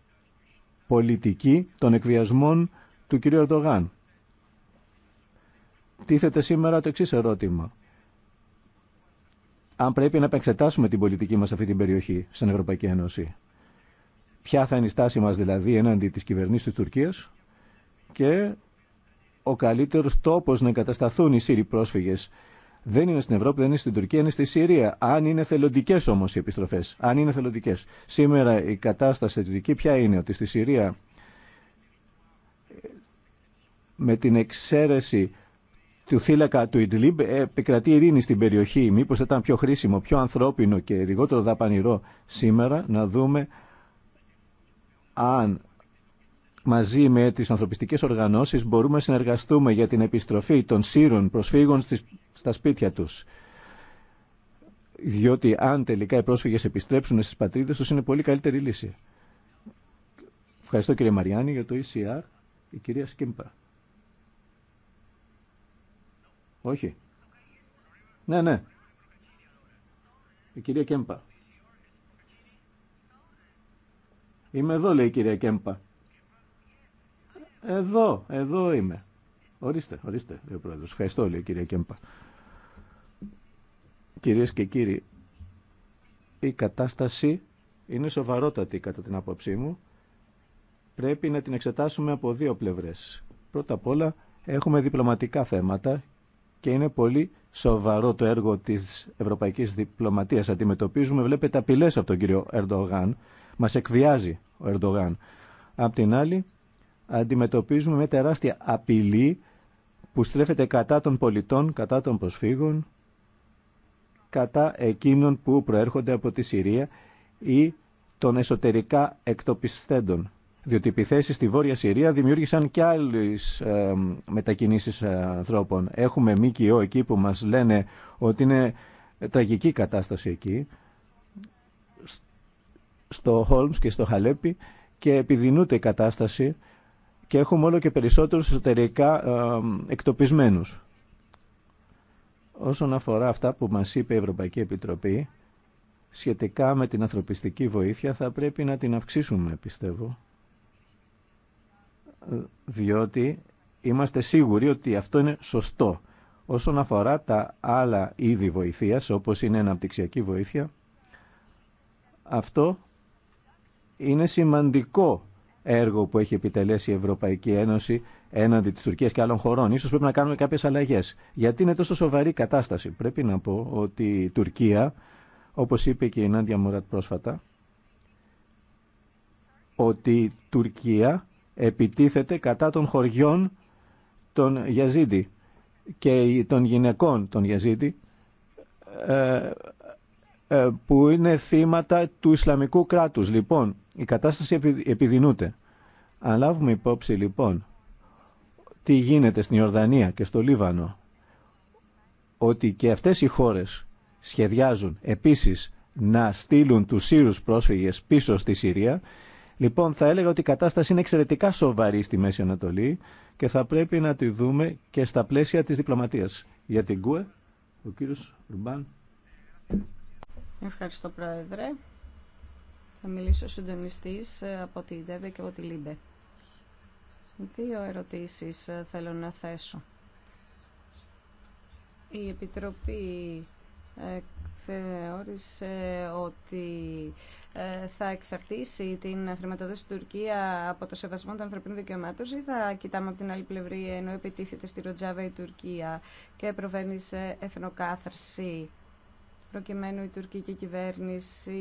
πολιτικοί των εκβιασμών του κ. Ερντογάν. Τίθεται σήμερα το εξή ερώτημα αν πρέπει να επεξετάσουμε την πολιτική μας σε αυτή την περιοχή, στην Ευρωπαϊκή Ένωση. Ποια θα είναι η στάση μας δηλαδή έναντι της κυβερνήσης της Τουρκίας και ο καλύτερος τόπος να εγκατασταθούν οι Σύριοι πρόσφυγες δεν είναι στην Ευρώπη, δεν είναι στην Τουρκία, είναι στη Συρία. Αν είναι θελοντικέ όμω οι επιστροφέ. Αν είναι θελοντικέ. Σήμερα η κατάσταση στη ποια είναι, ότι στη Συρία με την εξαίρεση του θύλακα του Ιντλίμπ ε, επικρατεί ειρήνη στην περιοχή. Μήπως θα ήταν πιο χρήσιμο, πιο ανθρώπινο και λιγότερο δαπανηρό σήμερα να δούμε αν μαζί με τις ανθρωπιστικές οργανώσεις μπορούμε να συνεργαστούμε για την επιστροφή των σύρων προσφύγων στα σπίτια τους. Διότι αν τελικά οι πρόσφυγες επιστρέψουν στις πατρίδες τους είναι πολύ καλύτερη λύση. Ευχαριστώ κύριε Μαριάννη για το ECR. Η κυρία Σκύμπα. Όχι. Ναι, ναι. Η κυρία Κέμπα. Είμαι εδώ, λέει η κυρία Κέμπα. Εδώ, εδώ είμαι. Ορίστε, ορίστε, λέει ο πρόεδρος. Ευχαριστώ, λέει η κυρία Κέμπα. Κυρίες και κύριοι, η κατάσταση είναι σοβαρότατη κατά την άποψή μου. Πρέπει να την εξετάσουμε από δύο πλευρές. Πρώτα απ' όλα έχουμε διπλωματικά θέματα και είναι πολύ σοβαρό το έργο της ευρωπαϊκής διπλωματίας. Αντιμετωπίζουμε, βλέπετε, απειλέ από τον κύριο Ερντογάν. Μας εκβιάζει ο Ερντογάν. Απ' την άλλη, αντιμετωπίζουμε μια τεράστια απειλή που στρέφεται κατά των πολιτών, κατά των προσφύγων, κατά εκείνων που προέρχονται από τη Συρία ή των εσωτερικά εκτοπιστέντων διότι οι επιθέσεις στη Βόρεια Συρία δημιούργησαν και άλλες ε, μετακινήσεις ανθρώπων. Έχουμε ΜΚΟ εκεί που μας λένε ότι είναι τραγική κατάσταση εκεί, στο Χόλμς και στο Χαλέπι και επιδεινούται η κατάσταση και έχουμε όλο και περισσότερους εσωτερικά ε, εκτοπισμένους. Όσον αφορά αυτά που μας είπε η Ευρωπαϊκή Επιτροπή, σχετικά με την ανθρωπιστική βοήθεια θα πρέπει να την αυξήσουμε, πιστεύω διότι είμαστε σίγουροι ότι αυτό είναι σωστό. Όσον αφορά τα άλλα είδη βοηθείας, όπως είναι αναπτυξιακή βοήθεια, αυτό είναι σημαντικό έργο που έχει επιτελέσει η Ευρωπαϊκή Ένωση έναντι της Τουρκίας και άλλων χωρών. Ίσως πρέπει να κάνουμε κάποιες αλλαγές. Γιατί είναι τόσο σοβαρή κατάσταση. Πρέπει να πω ότι η Τουρκία, όπως είπε και η Νάντια Μουρατ πρόσφατα, ότι η Τουρκία επιτίθεται κατά των χωριών των Γιαζίδη και των γυναικών των Γιαζίδη ε, ε, που είναι θύματα του Ισλαμικού κράτους. Λοιπόν, η κατάσταση επιδεινούται. Αν λάβουμε υπόψη λοιπόν τι γίνεται στην Ιορδανία και στο Λίβανο, ότι και αυτές οι χώρες σχεδιάζουν επίσης να στείλουν τους Σύρους πρόσφυγες πίσω στη Συρία Λοιπόν, θα έλεγα ότι η κατάσταση είναι εξαιρετικά σοβαρή στη Μέση Ανατολή και θα πρέπει να τη δούμε και στα πλαίσια της διπλωματίας. Για την ΚΟΕ, ο κύριος Ρουμπάν. Ευχαριστώ, Πρόεδρε. Θα μιλήσω συντονιστής ε, από την ΔΕΒΕ και από τη ΛΥΜΠΕ. Δύο ερωτήσεις ε, θέλω να θέσω. Η Επιτροπή θεώρησε ότι ε, θα εξαρτήσει την χρηματοδότηση της Τουρκία από το σεβασμό των ανθρωπίνων δικαιωμάτων ή θα κοιτάμε από την άλλη πλευρή ενώ επιτίθεται στη Ροτζάβα η Τουρκία και προβαίνει σε εθνοκάθαρση προκειμένου η τουρκική κυβέρνηση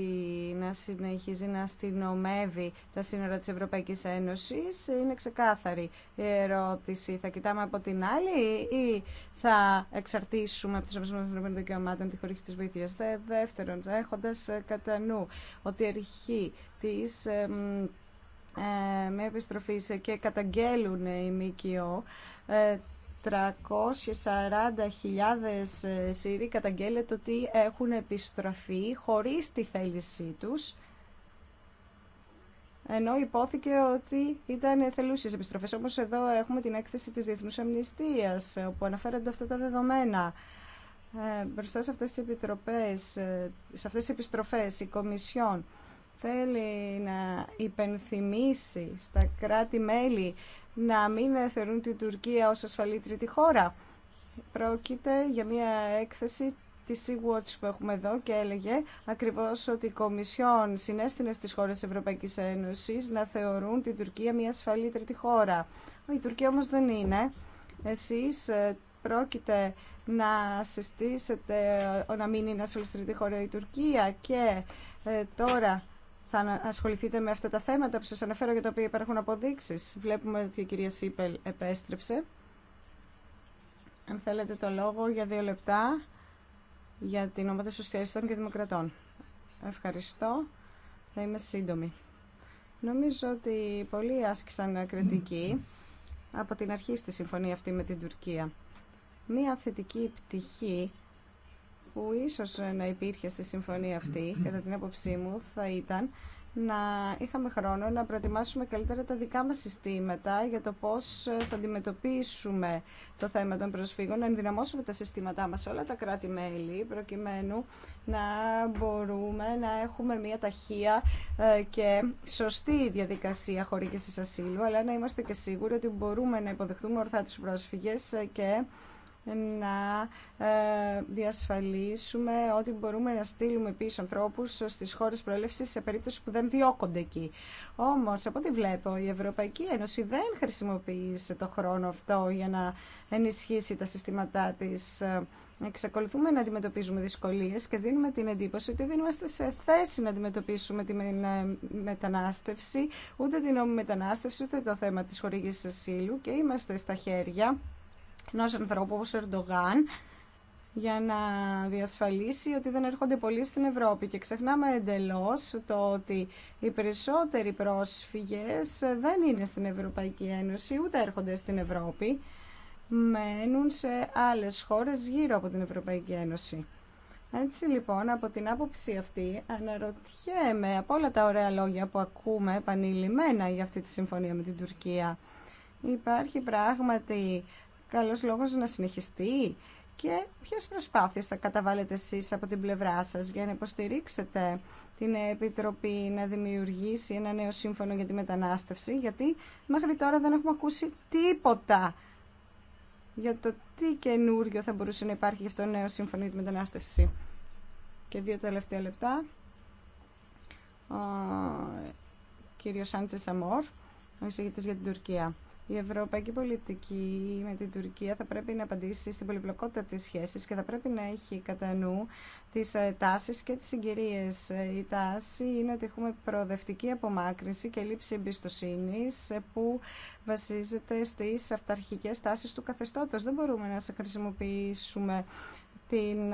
να συνεχίζει να αστυνομεύει τα σύνορα της Ευρωπαϊκής Ένωσης είναι ξεκάθαρη η ερώτηση. Θα κοιτάμε από την άλλη ή θα εξαρτήσουμε από τους εμπισμούς των δικαιωμάτων τη χωρίς της βοήθειας. Ε, δεύτερον, έχοντας ε, κατά νου ότι η θα εξαρτησουμε απο τους Ευρωπαϊκούς δικαιωματων τη χωρις της βοηθειας δευτερον εχοντας κατα νου οτι αρχη της ε, με επιστροφής και καταγγέλουν οι ΜΚΟ, ε, 340.000 ε, Σύριοι καταγγέλλεται ότι έχουν επιστροφή χωρίς τη θέλησή τους ενώ υπόθηκε ότι ήταν θελούσιες επιστροφέ. Όμω εδώ έχουμε την έκθεση τη Διεθνού Αμνηστία, ε, όπου αναφέρονται αυτά τα δεδομένα. Ε, μπροστά σε αυτές τις, επιτροπές, ε, σε αυτές τις επιστροφές η Κομισιόν θέλει να υπενθυμίσει στα κράτη-μέλη να μην θεωρούν την Τουρκία ως ασφαλή τρίτη χώρα. Πρόκειται για μια έκθεση τη Sea-Watch που έχουμε εδώ και έλεγε ακριβώς ότι η Κομισιόν συνέστηνε στις χώρες της Ευρωπαϊκής Ένωσης να θεωρούν την Τουρκία μια ασφαλή τρίτη χώρα. Η Τουρκία όμως δεν είναι. Εσείς ε, πρόκειται να συστήσετε ε, να μην είναι ασφαλή τρίτη χώρα η Τουρκία και ε, τώρα θα ασχοληθείτε με αυτά τα θέματα που σας αναφέρω για τα οποία υπάρχουν αποδείξεις. Βλέπουμε ότι η κυρία Σίπελ επέστρεψε. Αν θέλετε το λόγο για δύο λεπτά για την ομάδα Σοσιαλιστών και Δημοκρατών. Ευχαριστώ. Θα είμαι σύντομη. Νομίζω ότι πολλοί άσκησαν κριτική από την αρχή στη συμφωνία αυτή με την Τουρκία. Μία θετική πτυχή που ίσως ε, να υπήρχε στη συμφωνία αυτή, κατά την άποψή μου, θα ήταν να είχαμε χρόνο να προετοιμάσουμε καλύτερα τα δικά μας συστήματα για το πώς ε, θα αντιμετωπίσουμε το θέμα των προσφύγων, να ενδυναμώσουμε τα συστήματά μας όλα τα κράτη-μέλη, προκειμένου να μπορούμε να έχουμε μια ταχεία ε, και σωστή διαδικασία χωρίκησης ασύλου, αλλά να είμαστε και σίγουροι ότι μπορούμε να υποδεχτούμε ορθά τους πρόσφυγες και να ε, διασφαλίσουμε ότι μπορούμε να στείλουμε πίσω ανθρώπους στις χώρες προέλευσης σε περίπτωση που δεν διώκονται εκεί. Όμως, από ό,τι βλέπω, η Ευρωπαϊκή Ένωση δεν χρησιμοποιεί το χρόνο αυτό για να ενισχύσει τα συστήματά της. Εξακολουθούμε να αντιμετωπίζουμε δυσκολίες και δίνουμε την εντύπωση ότι δεν είμαστε σε θέση να αντιμετωπίσουμε τη ε, μετανάστευση, ούτε την νόμιμη μετανάστευση, ούτε το θέμα της χορηγή ασύλου και είμαστε στα χέρια ενό ανθρώπου όπω ο Ερντογάν για να διασφαλίσει ότι δεν έρχονται πολλοί στην Ευρώπη. Και ξεχνάμε εντελώς το ότι οι περισσότεροι πρόσφυγες δεν είναι στην Ευρωπαϊκή Ένωση, ούτε έρχονται στην Ευρώπη. Μένουν σε άλλες χώρες γύρω από την Ευρωπαϊκή Ένωση. Έτσι λοιπόν, από την άποψη αυτή, αναρωτιέμαι από όλα τα ωραία λόγια που ακούμε επανειλημμένα για αυτή τη συμφωνία με την Τουρκία. Υπάρχει πράγματι καλός λόγος να συνεχιστεί και ποιες προσπάθειες θα καταβάλλετε εσείς από την πλευρά σας για να υποστηρίξετε την Επιτροπή να δημιουργήσει ένα νέο σύμφωνο για τη μετανάστευση, γιατί μέχρι τώρα δεν έχουμε ακούσει τίποτα για το τι καινούριο θα μπορούσε να υπάρχει για αυτό το νέο σύμφωνο για τη μετανάστευση. Και δύο τελευταία λεπτά. Ο κύριος Σάντσε Αμόρ, ο εισηγητής για την Τουρκία. Η ευρωπαϊκή πολιτική με την Τουρκία θα πρέπει να απαντήσει στην πολυπλοκότητα της σχέσης και θα πρέπει να έχει κατά νου τις ε, τάσεις και τις συγκυρίες. Ε, η τάση είναι ότι έχουμε προοδευτική απομάκρυνση και λήψη εμπιστοσύνης ε, που βασίζεται στις αυταρχικές τάσεις του καθεστώτος. Δεν μπορούμε να σε χρησιμοποιήσουμε την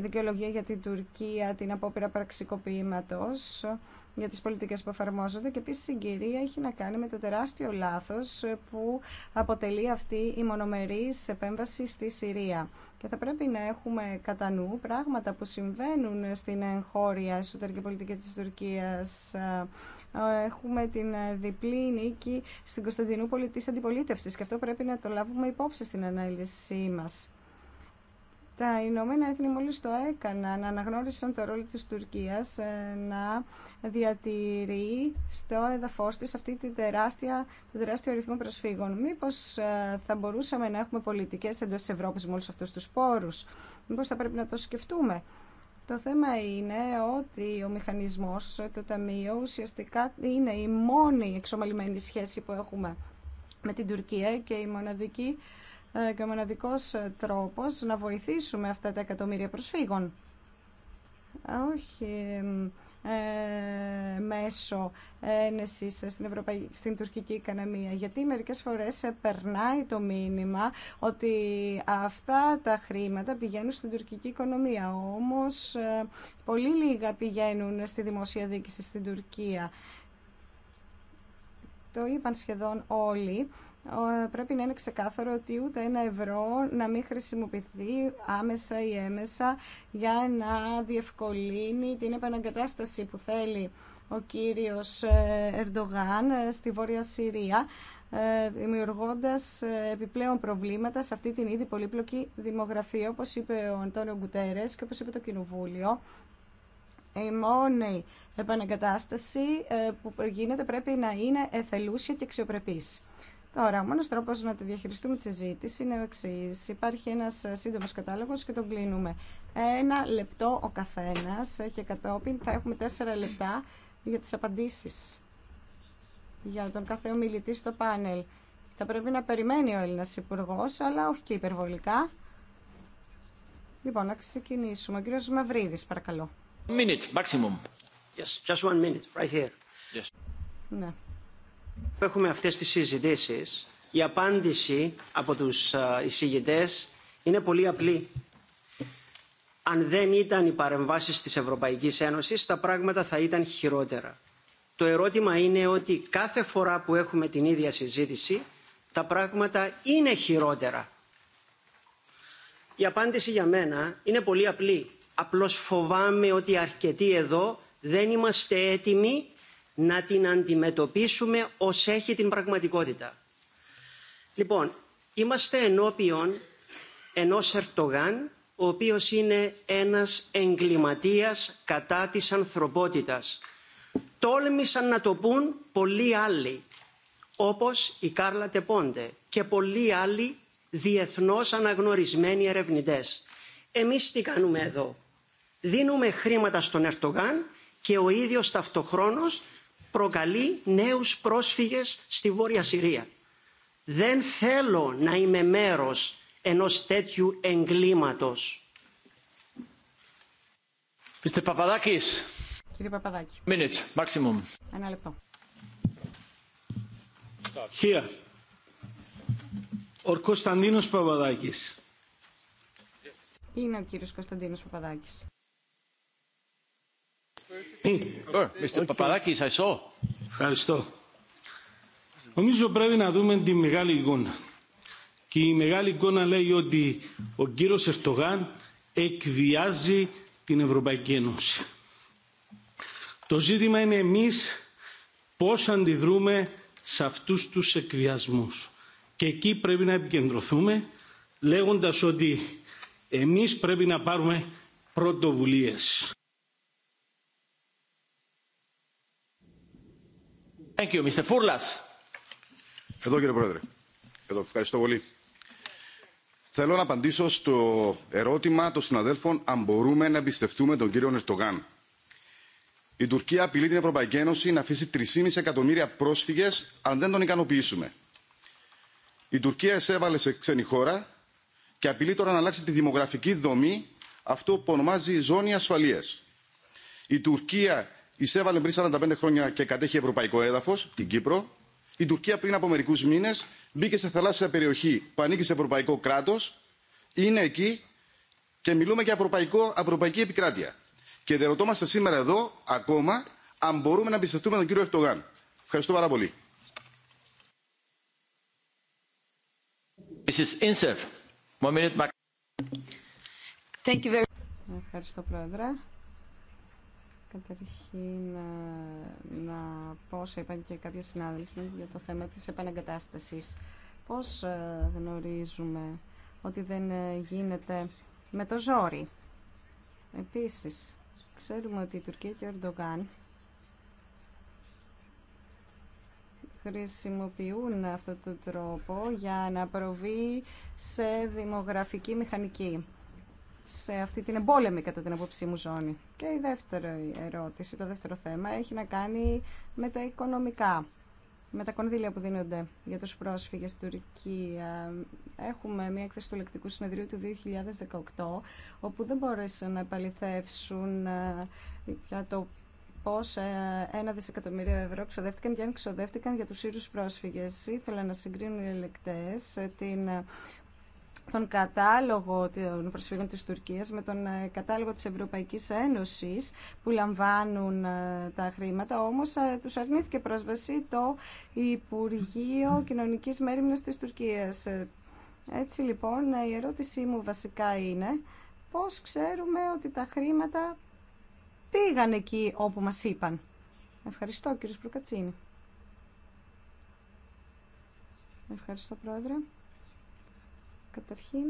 δικαιολογία για την Τουρκία, την απόπειρα πραξικοποιήματος για τις πολιτικές που εφαρμόζονται και επίσης η συγκυρία έχει να κάνει με το τεράστιο λάθος που αποτελεί αυτή η μονομερής επέμβαση στη Συρία. Και θα πρέπει να έχουμε κατά νου πράγματα που συμβαίνουν στην εγχώρια εσωτερική πολιτική της Τουρκίας. Ε, έχουμε την διπλή νίκη στην Κωνσταντινούπολη της αντιπολίτευσης και αυτό πρέπει να το λάβουμε υπόψη στην ανάλυση μας. Τα Ηνωμένα Έθνη μόλι το έκαναν, αναγνώρισαν το ρόλο της Τουρκίας ε, να διατηρεί στο εδαφός της αυτή τη τεράστια, το τεράστιο αριθμό προσφύγων. Μήπως ε, θα μπορούσαμε να έχουμε πολιτικές εντός της Ευρώπης με όλους αυτούς τους πόρους. Μήπως θα πρέπει να το σκεφτούμε. Το θέμα είναι ότι ο μηχανισμός, το Ταμείο, ουσιαστικά είναι η μόνη εξομαλυμένη σχέση που έχουμε με την Τουρκία και η μοναδική και ο μοναδικό ε, τρόπος να βοηθήσουμε αυτά τα εκατομμύρια προσφύγων. Όχι ε, μέσω ένεση στην, στην τουρκική οικονομία. Γιατί μερικές φορές περνάει το μήνυμα ότι αυτά τα χρήματα πηγαίνουν στην τουρκική οικονομία. Όμως ε, πολύ λίγα πηγαίνουν στη δημόσια δίκηση στην Τουρκία. Το είπαν σχεδόν όλοι πρέπει να είναι ξεκάθαρο ότι ούτε ένα ευρώ να μην χρησιμοποιηθεί άμεσα ή έμεσα για να διευκολύνει την επαναγκατάσταση που θέλει ο κύριος ε, Ερντογάν ε, στη Βόρεια Συρία ε, δημιουργώντας επιπλέον προβλήματα σε αυτή την ήδη πολύπλοκη δημογραφία όπως είπε ο Αντώνιο Γκουτέρες και όπως είπε το Κοινοβούλιο η μόνη επαναγκατάσταση που γίνεται πρέπει να είναι εθελούσια και αξιοπρεπής. Τώρα, ο μόνο τρόπο να τη διαχειριστούμε τη συζήτηση είναι ο εξή. Υπάρχει ένα σύντομο κατάλογος και τον κλείνουμε. Ένα λεπτό ο καθένα και κατόπιν θα έχουμε τέσσερα λεπτά για τι απαντήσει για τον κάθε μιλητή στο πάνελ. Θα πρέπει να περιμένει ο Έλληνα Υπουργό, αλλά όχι και υπερβολικά. Λοιπόν, να ξεκινήσουμε. Ο κύριο Μαυρίδη, παρακαλώ. Minute, maximum. Ναι. Έχουμε αυτές τις συζητήσεις. Η απάντηση από τους ε, εισηγητές είναι πολύ απλή. Αν δεν ήταν οι παρεμβάσεις της Ευρωπαϊκής Ένωσης, τα πράγματα θα ήταν χειρότερα. Το ερώτημα είναι ότι κάθε φορά που έχουμε την ίδια συζήτηση, τα πράγματα είναι χειρότερα. Η απάντηση για μένα είναι πολύ απλή. Απλώς φοβάμαι ότι αρκετοί εδώ δεν είμαστε έτοιμοι να την αντιμετωπίσουμε ως έχει την πραγματικότητα. Λοιπόν, είμαστε ενώπιον ενός Ερτογάν, ο οποίος είναι ένας εγκληματίας κατά της ανθρωπότητας. Τόλμησαν να το πούν πολλοί άλλοι, όπως η Κάρλα Τεπόντε και πολλοί άλλοι διεθνώς αναγνωρισμένοι ερευνητές. Εμείς τι κάνουμε εδώ. Δίνουμε χρήματα στον Ερτογάν και ο ίδιος ταυτοχρόνως προκαλεί νέους πρόσφυγες στη Βόρεια Συρία. Δεν θέλω να είμαι μέρος ενός τέτοιου εγκλήματος. Mr. Papadakis. Κύριε Παπαδάκη. Minute, maximum. Ένα λεπτό. Here. Ο Κωνσταντίνος Παπαδάκης. Είναι ο κύριος Κωνσταντίνος Παπαδάκης. Ε, Ευχαριστώ. Νομίζω πρέπει να δούμε τη μεγάλη εικόνα. Και η μεγάλη εικόνα λέει ότι ο κύριος Ερτογάν εκβιάζει την Ευρωπαϊκή Ένωση. Το ζήτημα είναι εμείς πώς αντιδρούμε σε αυτούς τους εκβιασμούς. Και εκεί πρέπει να επικεντρωθούμε λέγοντας ότι εμείς πρέπει να πάρουμε πρωτοβουλίες. Thank you, Mr. Furlas. Εδώ κύριε Πρόεδρε. Εδώ. Ευχαριστώ πολύ. Θέλω να απαντήσω στο ερώτημα των συναδέλφων αν μπορούμε να εμπιστευτούμε τον κύριο Ερτογάν. Η Τουρκία απειλεί την Ευρωπαϊκή Ένωση να αφήσει 3,5 εκατομμύρια πρόσφυγε αν δεν τον ικανοποιήσουμε. Η Τουρκία εισέβαλε σε ξένη χώρα και απειλεί τώρα να αλλάξει τη δημογραφική δομή αυτό που ονομάζει ζώνη ασφαλεία. Η Τουρκία εισέβαλε πριν 45 χρόνια και κατέχει ευρωπαϊκό έδαφο, την Κύπρο. Η Τουρκία πριν από μερικού μήνε μπήκε σε θαλάσσια περιοχή που ανήκει σε ευρωπαϊκό κράτο, είναι εκεί και μιλούμε για ευρωπαϊκό, ευρωπαϊκή επικράτεια. Και διαρωτόμαστε σήμερα εδώ ακόμα αν μπορούμε να εμπιστευτούμε τον κύριο Ερτογάν. Ευχαριστώ πάρα πολύ. Thank you very... Καταρχήν, ε, να πω σε είπαν και κάποιοι συνάδελφοι για το θέμα της επαναγκατάστασης. Πώς ε, γνωρίζουμε ότι δεν ε, γίνεται με το ζόρι. Επίσης, ξέρουμε ότι η Τουρκία και ο Ερντογάν χρησιμοποιούν αυτόν τον τρόπο για να προβεί σε δημογραφική μηχανική σε αυτή την εμπόλεμη κατά την απόψή μου ζώνη. Και η δεύτερη ερώτηση, το δεύτερο θέμα, έχει να κάνει με τα οικονομικά, με τα κονδύλια που δίνονται για τους πρόσφυγες στην Τουρκία. Έχουμε μια έκθεση του λεκτικού Συνεδρίου του 2018, όπου δεν μπόρεσαν να επαληθεύσουν ε, για το πώ ε, ένα δισεκατομμύριο ευρώ ξοδεύτηκαν και αν ξοδεύτηκαν για του ήρου πρόσφυγε. Ήθελα να συγκρίνουν οι ελεκτέ ε, την τον κατάλογο των προσφύγων της Τουρκίας με τον ε, κατάλογο της Ευρωπαϊκής Ένωσης που λαμβάνουν ε, τα χρήματα, όμως ε, τους αρνήθηκε πρόσβαση το Υπουργείο Κοινωνικής Μέριμνας της Τουρκίας. Έτσι λοιπόν η ερώτησή μου βασικά είναι πώς ξέρουμε ότι τα χρήματα πήγαν εκεί όπου μας είπαν. Ευχαριστώ κύριε Προκατσίνη. Ευχαριστώ πρόεδρε. Καταρχήν,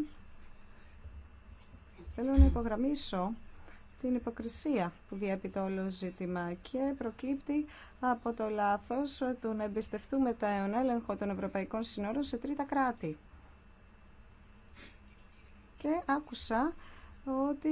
θέλω να υπογραμμίσω την υποκρισία που διέπει το όλο ζήτημα και προκύπτει από το λάθος του να εμπιστευτούμε τα έλεγχο των ευρωπαϊκών συνόρων σε τρίτα κράτη. Και άκουσα ότι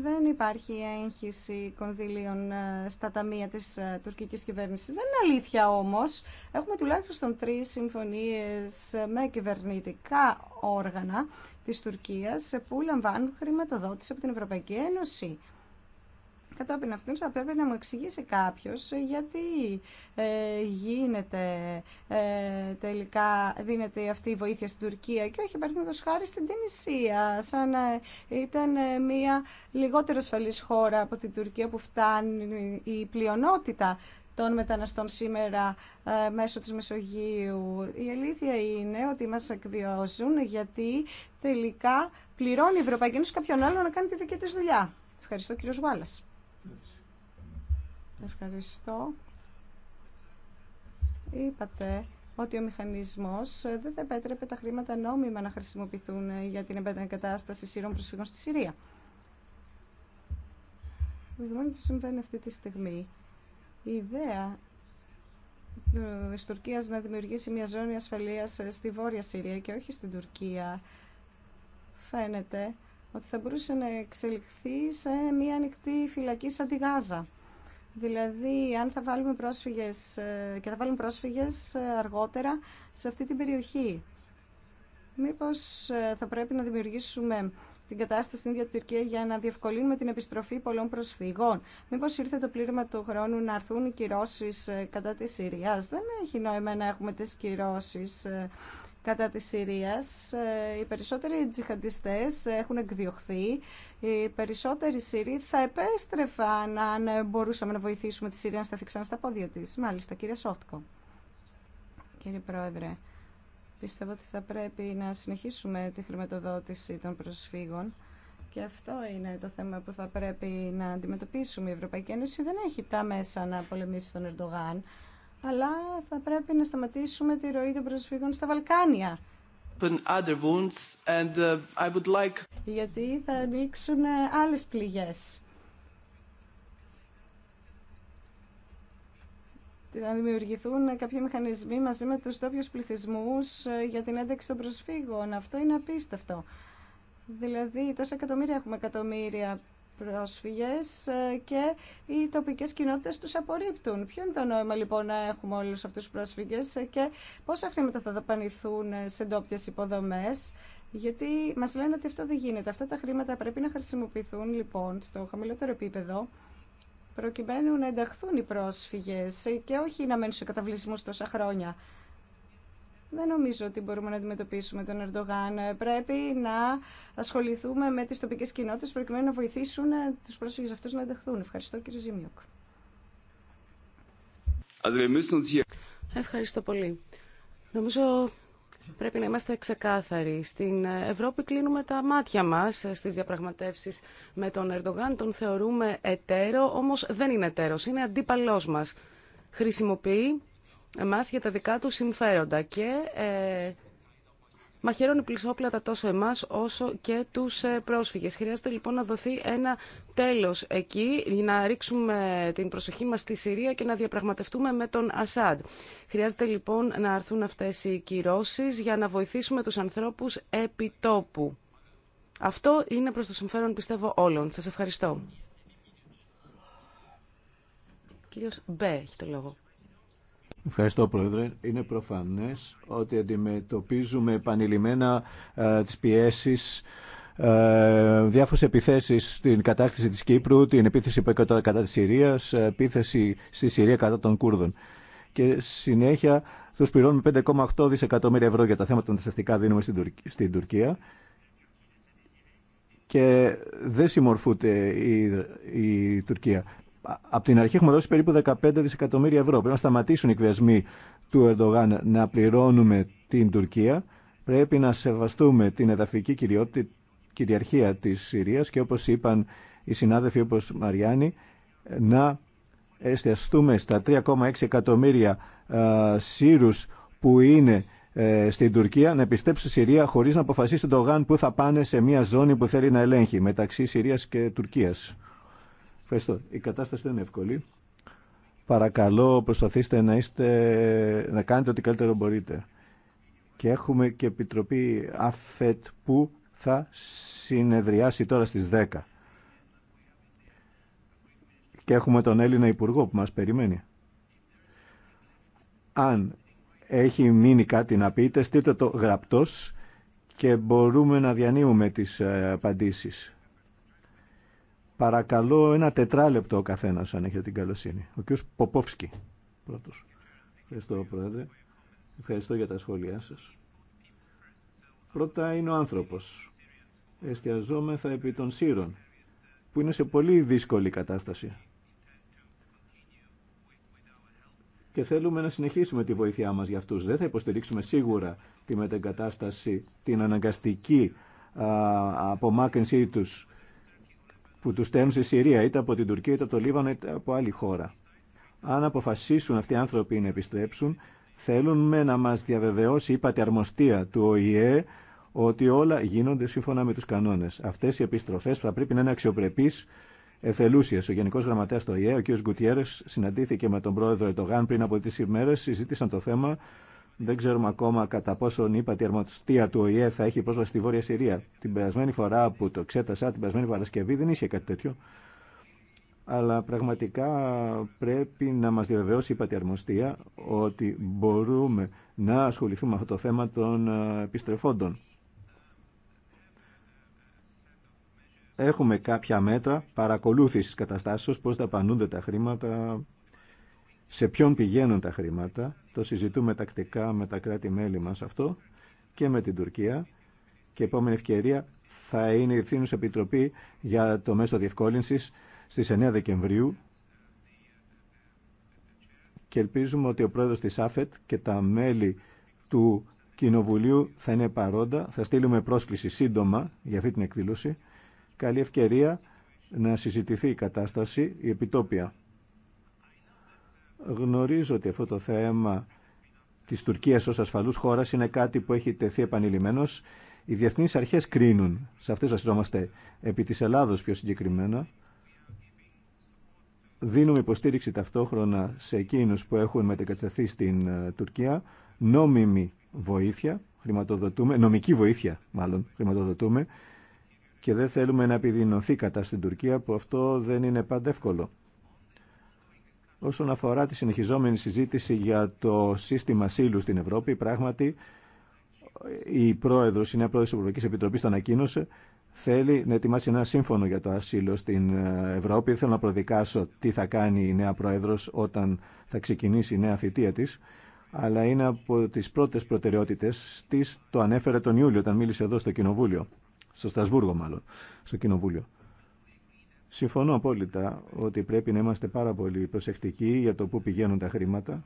δεν υπάρχει έγχυση κονδύλιων ε, στα ταμεία της ε, τουρκικής κυβέρνησης. Δεν είναι αλήθεια όμως. Έχουμε τουλάχιστον τρεις συμφωνίες ε, με κυβερνητικά όργανα της Τουρκίας που λαμβάνουν χρηματοδότηση από την Ευρωπαϊκή Ένωση. Κατόπιν αυτήν θα πρέπει να μου εξηγήσει κάποιος ε, γιατί ε, γίνεται ε, τελικά δίνεται αυτή η βοήθεια στην Τουρκία και όχι παραδείγματο χάρη στην Τινησία σαν να ε, ήταν μια λιγότερο ασφαλής χώρα από την Τουρκία που φτάνει η πλειονότητα των μεταναστών σήμερα ε, μέσω της Μεσογείου. Η αλήθεια είναι ότι μας εκβιώσουν γιατί τελικά πληρώνει η Ευρωπαϊκή Ένωση κάποιον άλλο να κάνει τη δική της δουλειά. Ευχαριστώ κύριος Γουάλλας. Ευχαριστώ. Είπατε ότι ο μηχανισμός ε, δεν θα επέτρεπε τα χρήματα νόμιμα να χρησιμοποιηθούν ε, για την κατάσταση σύρων προσφύγων στη Συρία. Δεδομένου ότι συμβαίνει αυτή τη στιγμή, η ιδέα ε, της Τουρκίας να δημιουργήσει μια ζώνη ασφαλείας στη Βόρεια Συρία και όχι στην Τουρκία φαίνεται ότι θα μπορούσε να εξελιχθεί σε μια ανοιχτή φυλακή σαν τη Γάζα. Δηλαδή, αν θα βάλουμε πρόσφυγες ε, και θα βάλουμε πρόσφυγες ε, αργότερα σε αυτή την περιοχή. Μήπως ε, θα πρέπει να δημιουργήσουμε την κατάσταση στην ίδια Τουρκία για να διευκολύνουμε την επιστροφή πολλών προσφύγων. Μήπως ήρθε το πλήρωμα του χρόνου να έρθουν οι κυρώσεις κατά της Συρίας. Δεν έχει νόημα να έχουμε τις κυρώσεις κατά της Συρίας. Ε, οι περισσότεροι τζιχαντιστές έχουν εκδιωχθεί. Οι περισσότεροι Σύριοι θα επέστρεφαν αν μπορούσαμε να βοηθήσουμε τη Συρία να σταθεί ξανά στα πόδια της. Μάλιστα, κύριε Σόφτκο. Κύριε Πρόεδρε, πιστεύω ότι θα πρέπει να συνεχίσουμε τη χρηματοδότηση των προσφύγων. Και αυτό είναι το θέμα που θα πρέπει να αντιμετωπίσουμε. Η Ευρωπαϊκή Ένωση δεν έχει τα μέσα να πολεμήσει τον Ερντογάν αλλά θα πρέπει να σταματήσουμε τη ροή των προσφύγων στα Βαλκάνια. Uh, Γιατί θα ανοίξουν άλλες πληγές. Θα δημιουργηθούν κάποιοι μηχανισμοί μαζί με τους τόπιου πληθυσμούς ε, για την ένταξη των προσφύγων. Αυτό είναι απίστευτο. Δηλαδή, τόσα εκατομμύρια έχουμε εκατομμύρια πρόσφυγες ε, και οι τοπικές κοινότητες τους απορρίπτουν. Ποιο είναι το νόημα λοιπόν να έχουμε όλους αυτούς τους πρόσφυγες ε, και πόσα χρήματα θα δαπανηθούν ε, σε ντόπιε υποδομές. Γιατί μας λένε ότι αυτό δεν γίνεται. Αυτά τα χρήματα πρέπει να χρησιμοποιηθούν λοιπόν στο χαμηλότερο επίπεδο προκειμένου να ενταχθούν οι πρόσφυγες και όχι να μένουν σε καταβλησμούς τόσα χρόνια δεν νομίζω ότι μπορούμε να αντιμετωπίσουμε τον Ερντογάν. Πρέπει να ασχοληθούμε με τις τοπικές κοινότητες προκειμένου να βοηθήσουν του πρόσφυγε αυτού να ενταχθούν. Ευχαριστώ κύριε Ζημιούκ. Ευχαριστώ πολύ. Νομίζω πρέπει να είμαστε ξεκάθαροι. Στην Ευρώπη κλείνουμε τα μάτια μας στις διαπραγματεύσεις με τον Ερντογάν. Τον θεωρούμε εταίρο, όμως δεν είναι εταίρος, είναι αντίπαλός μας. Χρησιμοποιεί εμάς για τα δικά του συμφέροντα και ε, μαχαιρώνει πλησόπλατα τόσο εμάς όσο και τους ε, πρόσφυγες. Χρειάζεται λοιπόν να δοθεί ένα τέλος εκεί, να ρίξουμε την προσοχή μας στη Συρία και να διαπραγματευτούμε με τον Ασάντ. Χρειάζεται λοιπόν να έρθουν αυτές οι κυρώσεις για να βοηθήσουμε τους ανθρώπους επί τόπου. Αυτό είναι προς το συμφέρον πιστεύω όλων. Σας ευχαριστώ. Κύριος Μπέ έχει λόγο. Ευχαριστώ, Πρόεδρε. Είναι προφανές ότι αντιμετωπίζουμε επανειλημμένα ε, τις πιέσεις ε, διάφορες επιθέσεις στην κατάκτηση της Κύπρου, την επίθεση που έκανε κατά της Συρίας, ε, επίθεση στη Συρία κατά των Κούρδων. Και συνέχεια τους πληρώνουμε 5,8 δισεκατομμύρια ευρώ για τα θέματα που μεταστατικά δίνουμε στην, Τουρκία και δεν συμμορφούνται η Τουρκία από την αρχή έχουμε δώσει περίπου 15 δισεκατομμύρια ευρώ. Πρέπει να σταματήσουν οι εκβιασμοί του Ερντογάν να πληρώνουμε την Τουρκία. Πρέπει να σεβαστούμε την εδαφική κυριαρχία της Συρίας και όπως είπαν οι συνάδελφοι όπως Μαριάννη να εστιαστούμε στα 3,6 εκατομμύρια Σύρους που είναι ε, στην Τουρκία να επιστρέψει στη Συρία χωρίς να αποφασίσει τον Ερντογάν που θα πάνε σε μια ζώνη που θέλει να ελέγχει μεταξύ Συρίας και Τουρκίας. Ευχαριστώ. Η κατάσταση δεν είναι εύκολη. Παρακαλώ προσπαθήστε να, είστε, να κάνετε ό,τι καλύτερο μπορείτε. Και έχουμε και Επιτροπή ΑΦΕΤ που θα συνεδριάσει τώρα στις 10. Και έχουμε τον Έλληνα Υπουργό που μας περιμένει. Αν έχει μείνει κάτι να πείτε, στείλτε το γραπτός και μπορούμε να διανύουμε τις ε, απαντήσεις. Παρακαλώ ένα τετράλεπτο ο καθένας αν έχετε την καλοσύνη. Ο κ. Ποπόφσκι πρώτο. Ευχαριστώ Πρόεδρε. Ευχαριστώ για τα σχόλιά σα. Πρώτα είναι ο άνθρωπος. Εστιαζόμεθα επί των σύρων που είναι σε πολύ δύσκολη κατάσταση. Και θέλουμε να συνεχίσουμε τη βοήθειά μας για αυτούς. Δεν θα υποστηρίξουμε σίγουρα τη μετεγκατάσταση, την αναγκαστική απομάκρυνσή τους που του στέλνουν στη Συρία, είτε από την Τουρκία, είτε από το Λίβανο, είτε από άλλη χώρα. Αν αποφασίσουν αυτοί οι άνθρωποι να επιστρέψουν, θέλουμε να μα διαβεβαιώσει η πατιαρμοστία του ΟΗΕ ότι όλα γίνονται σύμφωνα με του κανόνε. Αυτέ οι επιστροφέ θα πρέπει να είναι αξιοπρεπεί Εθελούσια. Ο Γενικό Γραμματέα του ΟΗΕ, ο κ. Γκουτιέρε, συναντήθηκε με τον πρόεδρο Ετογάν πριν από τρει ημέρε, συζήτησαν το θέμα δεν ξέρουμε ακόμα κατά πόσον η τη του ΟΗΕ θα έχει πρόσβαση στη Βόρεια Συρία. Την περασμένη φορά που το εξέτασα, την περασμένη Παρασκευή, δεν είχε κάτι τέτοιο. Αλλά πραγματικά πρέπει να μας διαβεβαιώσει η πατιαρμοστία ότι μπορούμε να ασχοληθούμε με αυτό το θέμα των ε, επιστρεφόντων. Έχουμε κάποια μέτρα παρακολούθησης καταστάσεως, πώς δαπανούνται τα χρήματα σε ποιον πηγαίνουν τα χρήματα. Το συζητούμε τακτικά με τα κράτη-μέλη μας αυτό και με την Τουρκία. Και επόμενη ευκαιρία θα είναι η Ευθύνους Επιτροπή για το Μέσο Διευκόλυνσης στις 9 Δεκεμβρίου. Και ελπίζουμε ότι ο πρόεδρος της ΑΦΕΤ και τα μέλη του Κοινοβουλίου θα είναι παρόντα. Θα στείλουμε πρόσκληση σύντομα για αυτή την εκδήλωση. Καλή ευκαιρία να συζητηθεί η κατάσταση, η επιτόπια Γνωρίζω ότι αυτό το θέμα της Τουρκίας ως ασφαλούς χώρας είναι κάτι που έχει τεθεί επανειλημμένος. Οι διεθνείς αρχές κρίνουν, σε αυτές βασιζόμαστε επί της Ελλάδος πιο συγκεκριμένα. Δίνουμε υποστήριξη ταυτόχρονα σε εκείνους που έχουν μετεκατασταθεί στην ε, Τουρκία, νόμιμη βοήθεια, χρηματοδοτούμε, νομική βοήθεια μάλλον χρηματοδοτούμε και δεν θέλουμε να επιδεινωθεί κατά στην Τουρκία που αυτό δεν είναι πάντα εύκολο. Όσον αφορά τη συνεχιζόμενη συζήτηση για το σύστημα ασύλου στην Ευρώπη, πράγματι η πρόεδρο, η νέα πρόεδρο τη Ευρωπαϊκή Επιτροπή, το ανακοίνωσε, θέλει να ετοιμάσει ένα σύμφωνο για το ασύλο στην ε, Ευρώπη. Θέλω να προδικάσω τι θα κάνει η νέα πρόεδρο όταν θα ξεκινήσει η νέα θητεία τη. Αλλά είναι από τι πρώτε προτεραιότητε τη. Το ανέφερε τον Ιούλιο, όταν μίλησε εδώ στο Κοινοβούλιο. Στο Στρασβούργο, μάλλον. Στο Κοινοβούλιο. Συμφωνώ απόλυτα ότι πρέπει να είμαστε πάρα πολύ προσεκτικοί για το πού πηγαίνουν τα χρήματα.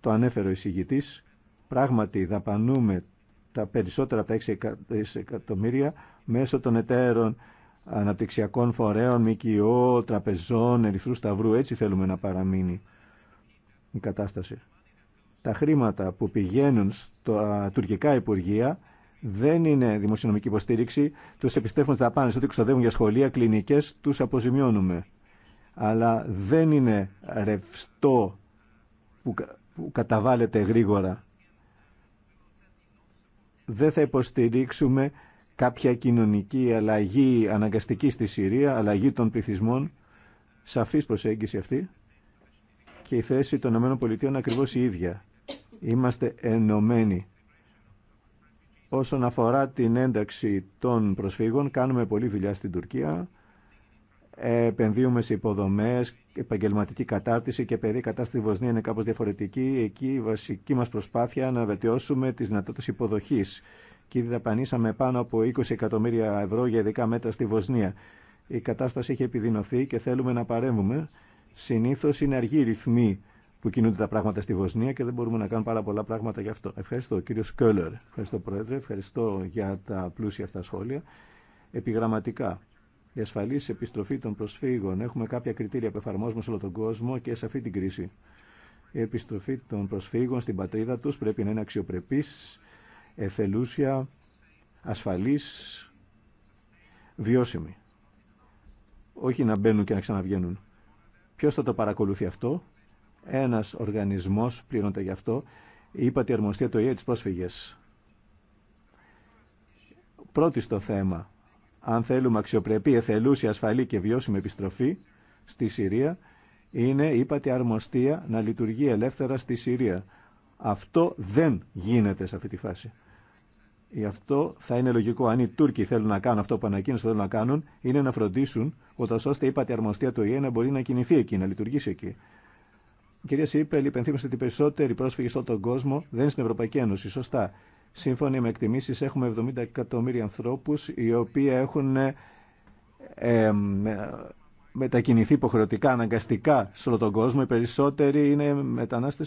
Το ανέφερε ο εισηγητής. Πράγματι δαπανούμε τα περισσότερα από τα 6 εκατομμύρια μέσω των εταίρων αναπτυξιακών φορέων, ΜΚΟ, τραπεζών, ερυθρού σταυρού. Έτσι θέλουμε να παραμείνει η κατάσταση. Τα χρήματα που πηγαίνουν στα τουρκικά υπουργεία δεν είναι δημοσιονομική υποστήριξη. Του επιστρέφουμε στα πάνε, ό,τι ξοδεύουν για σχολεία, κλινικέ, του αποζημιώνουμε. Αλλά δεν είναι ρευστό που, που καταβάλλεται γρήγορα. Δεν θα υποστηρίξουμε κάποια κοινωνική αλλαγή αναγκαστική στη Συρία, αλλαγή των πληθυσμών. Σαφής προσέγγιση αυτή και η θέση των ΗΠΑ ακριβώ η ίδια. Είμαστε ενωμένοι Όσον αφορά την ένταξη των προσφύγων, κάνουμε πολλή δουλειά στην Τουρκία. Επενδύουμε σε υποδομές, επαγγελματική κατάρτιση και παιδί κατάσταση στη Βοσνία είναι κάπως διαφορετική. Εκεί η βασική μας προσπάθεια να βελτιώσουμε τις δυνατότητες υποδοχής. Και δαπανίσαμε πάνω από 20 εκατομμύρια ευρώ για ειδικά μέτρα στη Βοσνία. Η κατάσταση έχει επιδεινωθεί και θέλουμε να παρέμβουμε. συνήθω είναι αργή ρυθμή που κινούνται τα πράγματα στη Βοσνία και δεν μπορούμε να κάνουμε πάρα πολλά πράγματα γι' αυτό. Ευχαριστώ κύριο Σκέλερ, ευχαριστώ Πρόεδρε, ευχαριστώ για τα πλούσια αυτά σχόλια. Επιγραμματικά, η ασφαλή επιστροφή των προσφύγων. Έχουμε κάποια κριτήρια που εφαρμόζουμε σε όλο τον κόσμο και σε αυτή την κρίση. Η επιστροφή των προσφύγων στην πατρίδα του πρέπει να είναι αξιοπρεπή, εθελούσια, ασφαλής, βιώσιμη. Όχι να μπαίνουν και να ξαναβγαίνουν. Ποιο θα το παρακολουθεί αυτό, ένα οργανισμό πλήρωνται γι' αυτό, είπα τη αρμοστία του ΙΕ τη προσφυγέ. Πρώτη στο θέμα, αν θέλουμε αξιοπρεπή, εθελούση, ασφαλή και βιώσιμη επιστροφή στη Συρία, είναι, είπατε, αρμοστία να λειτουργεί ελεύθερα στη Συρία. Αυτό δεν γίνεται σε αυτή τη φάση. Γι' αυτό θα είναι λογικό, αν οι Τούρκοι θέλουν να κάνουν αυτό που ανακοίνωσαν θέλουν να κάνουν, είναι να φροντίσουν, ούτω ώστε είπατε αρμοστία του ΙΕ να μπορεί να κινηθεί εκεί, να λειτουργήσει εκεί. Η κυρία Σίπελ υπενθύμησε ότι οι περισσότεροι πρόσφυγε σε όλο τον κόσμο δεν είναι στην Ευρωπαϊκή Ένωση. Σωστά. Σύμφωνα με εκτιμήσει, έχουμε 70 εκατομμύρια ανθρώπου οι οποίοι έχουν ε, μετακινηθεί υποχρεωτικά, αναγκαστικά σε όλο τον κόσμο. Οι περισσότεροι είναι μετανάστε,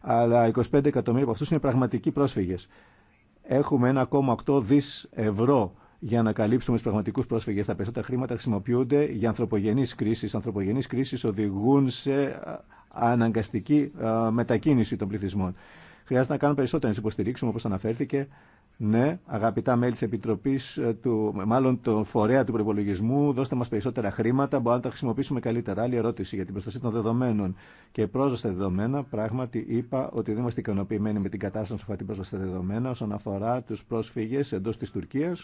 αλλά 25 εκατομμύρια από αυτού είναι πραγματικοί πρόσφυγε. Έχουμε 1,8 δι ευρώ για να καλύψουμε του πραγματικού πρόσφυγε. Τα περισσότερα χρήματα χρησιμοποιούνται για ανθρωπογενεί κρίσει. Ανθρωπογενεί κρίσει οδηγούν σε αναγκαστική ε, μετακίνηση των πληθυσμών. Χρειάζεται να κάνουμε περισσότερο να υποστηρίξουμε, όπω αναφέρθηκε. Ναι, αγαπητά μέλη τη Επιτροπή, ε, μάλλον τον φορέα του προπολογισμού, δώστε μα περισσότερα χρήματα, μπορούμε να τα χρησιμοποιήσουμε καλύτερα. Άλλη ερώτηση για την προστασία των δεδομένων και πρόσβαση στα δεδομένα. Πράγματι, είπα ότι δεν είμαστε ικανοποιημένοι με την κατάσταση που αφορά την πρόσβαση δεδομένα, όσον αφορά του πρόσφυγε εντό τη Τουρκία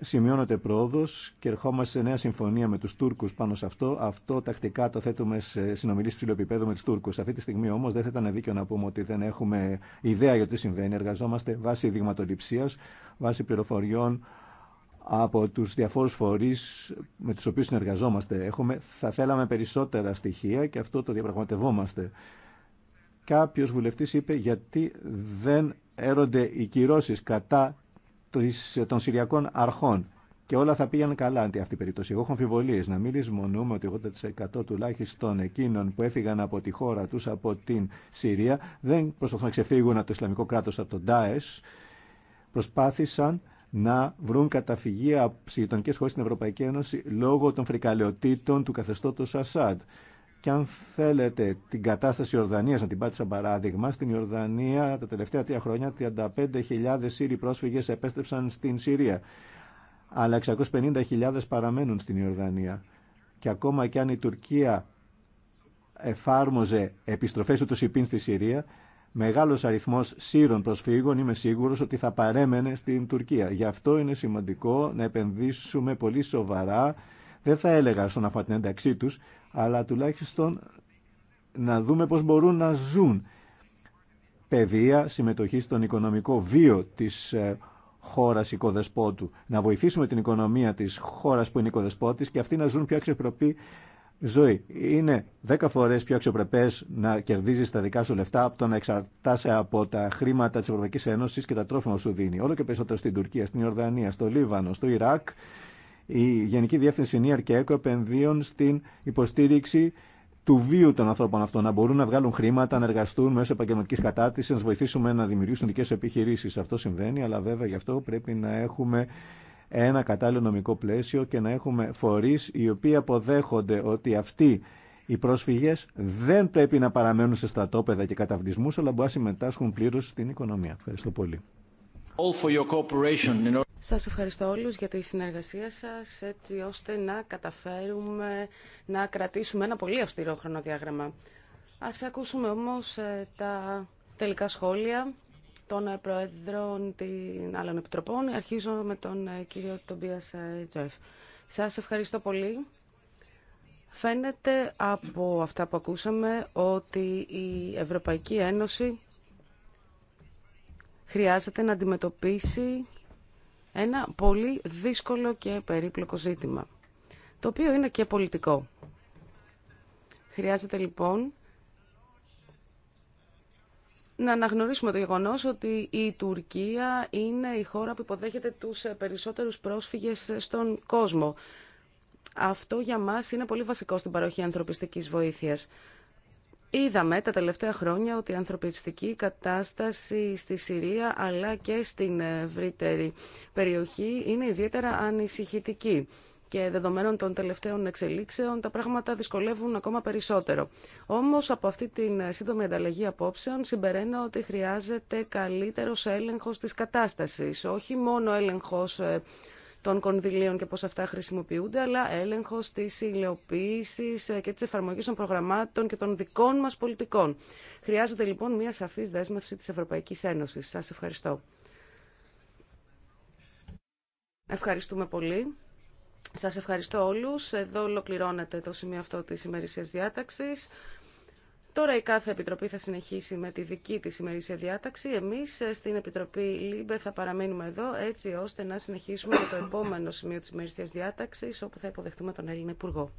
σημειώνεται πρόοδο και ερχόμαστε σε νέα συμφωνία με του Τούρκου πάνω σε αυτό. Αυτό τακτικά το θέτουμε σε συνομιλίε ψηλού με του Τούρκου. Αυτή τη στιγμή όμω δεν θα ήταν δίκαιο να πούμε ότι δεν έχουμε ιδέα για το τι συμβαίνει. Εργαζόμαστε βάσει δειγματοληψία, βάσει πληροφοριών από του διαφόρου φορεί με του οποίου συνεργαζόμαστε. Έχουμε, θα θέλαμε περισσότερα στοιχεία και αυτό το διαπραγματευόμαστε. Κάποιο βουλευτή είπε γιατί δεν έρονται οι κυρώσει κατά των Συριακών αρχών. Και όλα θα πήγαν καλά αντί αυτή την περίπτωση. Εγώ έχω αμφιβολίε να μην λησμονούμε ότι 80% τουλάχιστον εκείνων που έφυγαν από τη χώρα του, από την Συρία, δεν προσπαθούν να ξεφύγουν από το Ισλαμικό κράτο, από τον Ντάε. Προσπάθησαν να βρουν καταφυγή από τι γειτονικέ χώρε στην Ευρωπαϊκή Ένωση λόγω των φρικαλαιοτήτων του καθεστώτο Ασάντ. Και αν θέλετε την κατάσταση Ιορδανίας, να την πάτε σαν παράδειγμα, στην Ιορδανία τα τελευταία τρία χρόνια 35.000 Σύριοι πρόσφυγες επέστρεψαν στην Συρία. Αλλά 650.000 παραμένουν στην Ιορδανία. Και ακόμα και αν η Τουρκία εφάρμοζε επιστροφές του Σιπίν στη Συρία, μεγάλος αριθμός Σύρων προσφύγων είμαι σίγουρος ότι θα παρέμενε στην Τουρκία. Γι' αυτό είναι σημαντικό να επενδύσουμε πολύ σοβαρά, δεν θα έλεγα στον αφορά αλλά τουλάχιστον να δούμε πώς μπορούν να ζουν. Παιδεία, συμμετοχή στον οικονομικό βίο της ε, χώρας οικοδεσπότου. Να βοηθήσουμε την οικονομία της χώρας που είναι οικοδεσπότης και αυτοί να ζουν πιο αξιοπρεπή ζωή. Είναι δέκα φορές πιο αξιοπρεπές να κερδίζεις τα δικά σου λεφτά από το να εξαρτάσαι από τα χρήματα της Ευρωπαϊκής Ένωσης και τα τρόφιμα σου δίνει. Όλο και περισσότερο στην Τουρκία, στην Ιορδανία, στο Λίβανο, στο Ιράκ η Γενική Διεύθυνση ΝΙΑΡ και ΕΚΟ επενδύουν στην υποστήριξη του βίου των ανθρώπων αυτών, να μπορούν να βγάλουν χρήματα, να εργαστούν μέσω επαγγελματική κατάρτιση, να βοηθήσουμε να δημιουργήσουν δικέ επιχειρήσει. Αυτό συμβαίνει, αλλά βέβαια γι' αυτό πρέπει να έχουμε ένα κατάλληλο νομικό πλαίσιο και να έχουμε φορεί οι οποίοι αποδέχονται ότι αυτοί οι πρόσφυγε δεν πρέπει να παραμένουν σε στρατόπεδα και καταβλισμού, αλλά μπορούν να συμμετάσχουν πλήρω στην οικονομία. Ευχαριστώ πολύ. Σας ευχαριστώ όλους για τη συνεργασία σας, έτσι ώστε να καταφέρουμε να κρατήσουμε ένα πολύ αυστηρό χρονοδιάγραμμα. Ας ακούσουμε όμως ε, τα τελικά σχόλια των ε, Προέδρων των άλλων Επιτροπών. Αρχίζω με τον ε, κύριο Τομπίας Τζοεφ. Σας ευχαριστώ πολύ. Φαίνεται από αυτά που ακούσαμε ότι η Ευρωπαϊκή Ένωση χρειάζεται να αντιμετωπίσει ένα πολύ δύσκολο και περίπλοκο ζήτημα, το οποίο είναι και πολιτικό. Χρειάζεται λοιπόν να αναγνωρίσουμε το γεγονός ότι η Τουρκία είναι η χώρα που υποδέχεται τους περισσότερους πρόσφυγες στον κόσμο. Αυτό για μας είναι πολύ βασικό στην παροχή ανθρωπιστικής βοήθειας. Είδαμε τα τελευταία χρόνια ότι η ανθρωπιστική κατάσταση στη Συρία αλλά και στην ευρύτερη περιοχή είναι ιδιαίτερα ανησυχητική και δεδομένων των τελευταίων εξελίξεων τα πράγματα δυσκολεύουν ακόμα περισσότερο. Όμως από αυτή την σύντομη ανταλλαγή απόψεων συμπεραίνω ότι χρειάζεται καλύτερος έλεγχος της κατάστασης, όχι μόνο έλεγχος ε, των κονδυλίων και πώς αυτά χρησιμοποιούνται, αλλά έλεγχος της υλοποίησης ε, και της εφαρμογής των προγραμμάτων και των δικών μας πολιτικών. Χρειάζεται λοιπόν μια σαφής δέσμευση της Ευρωπαϊκής Ένωσης. Σας ευχαριστώ. Ευχαριστούμε πολύ. Σας ευχαριστώ όλους. Εδώ ολοκληρώνεται το σημείο αυτό της ημερησίας διάταξης. Τώρα η κάθε επιτροπή θα συνεχίσει με τη δική της ημερήσια διάταξη. Εμείς ε, στην Επιτροπή ΛΥΜΠΕ θα παραμείνουμε εδώ έτσι ώστε να συνεχίσουμε με το επόμενο σημείο της ημερήσιας διάταξης όπου θα υποδεχτούμε τον Έλληνα Υπουργό.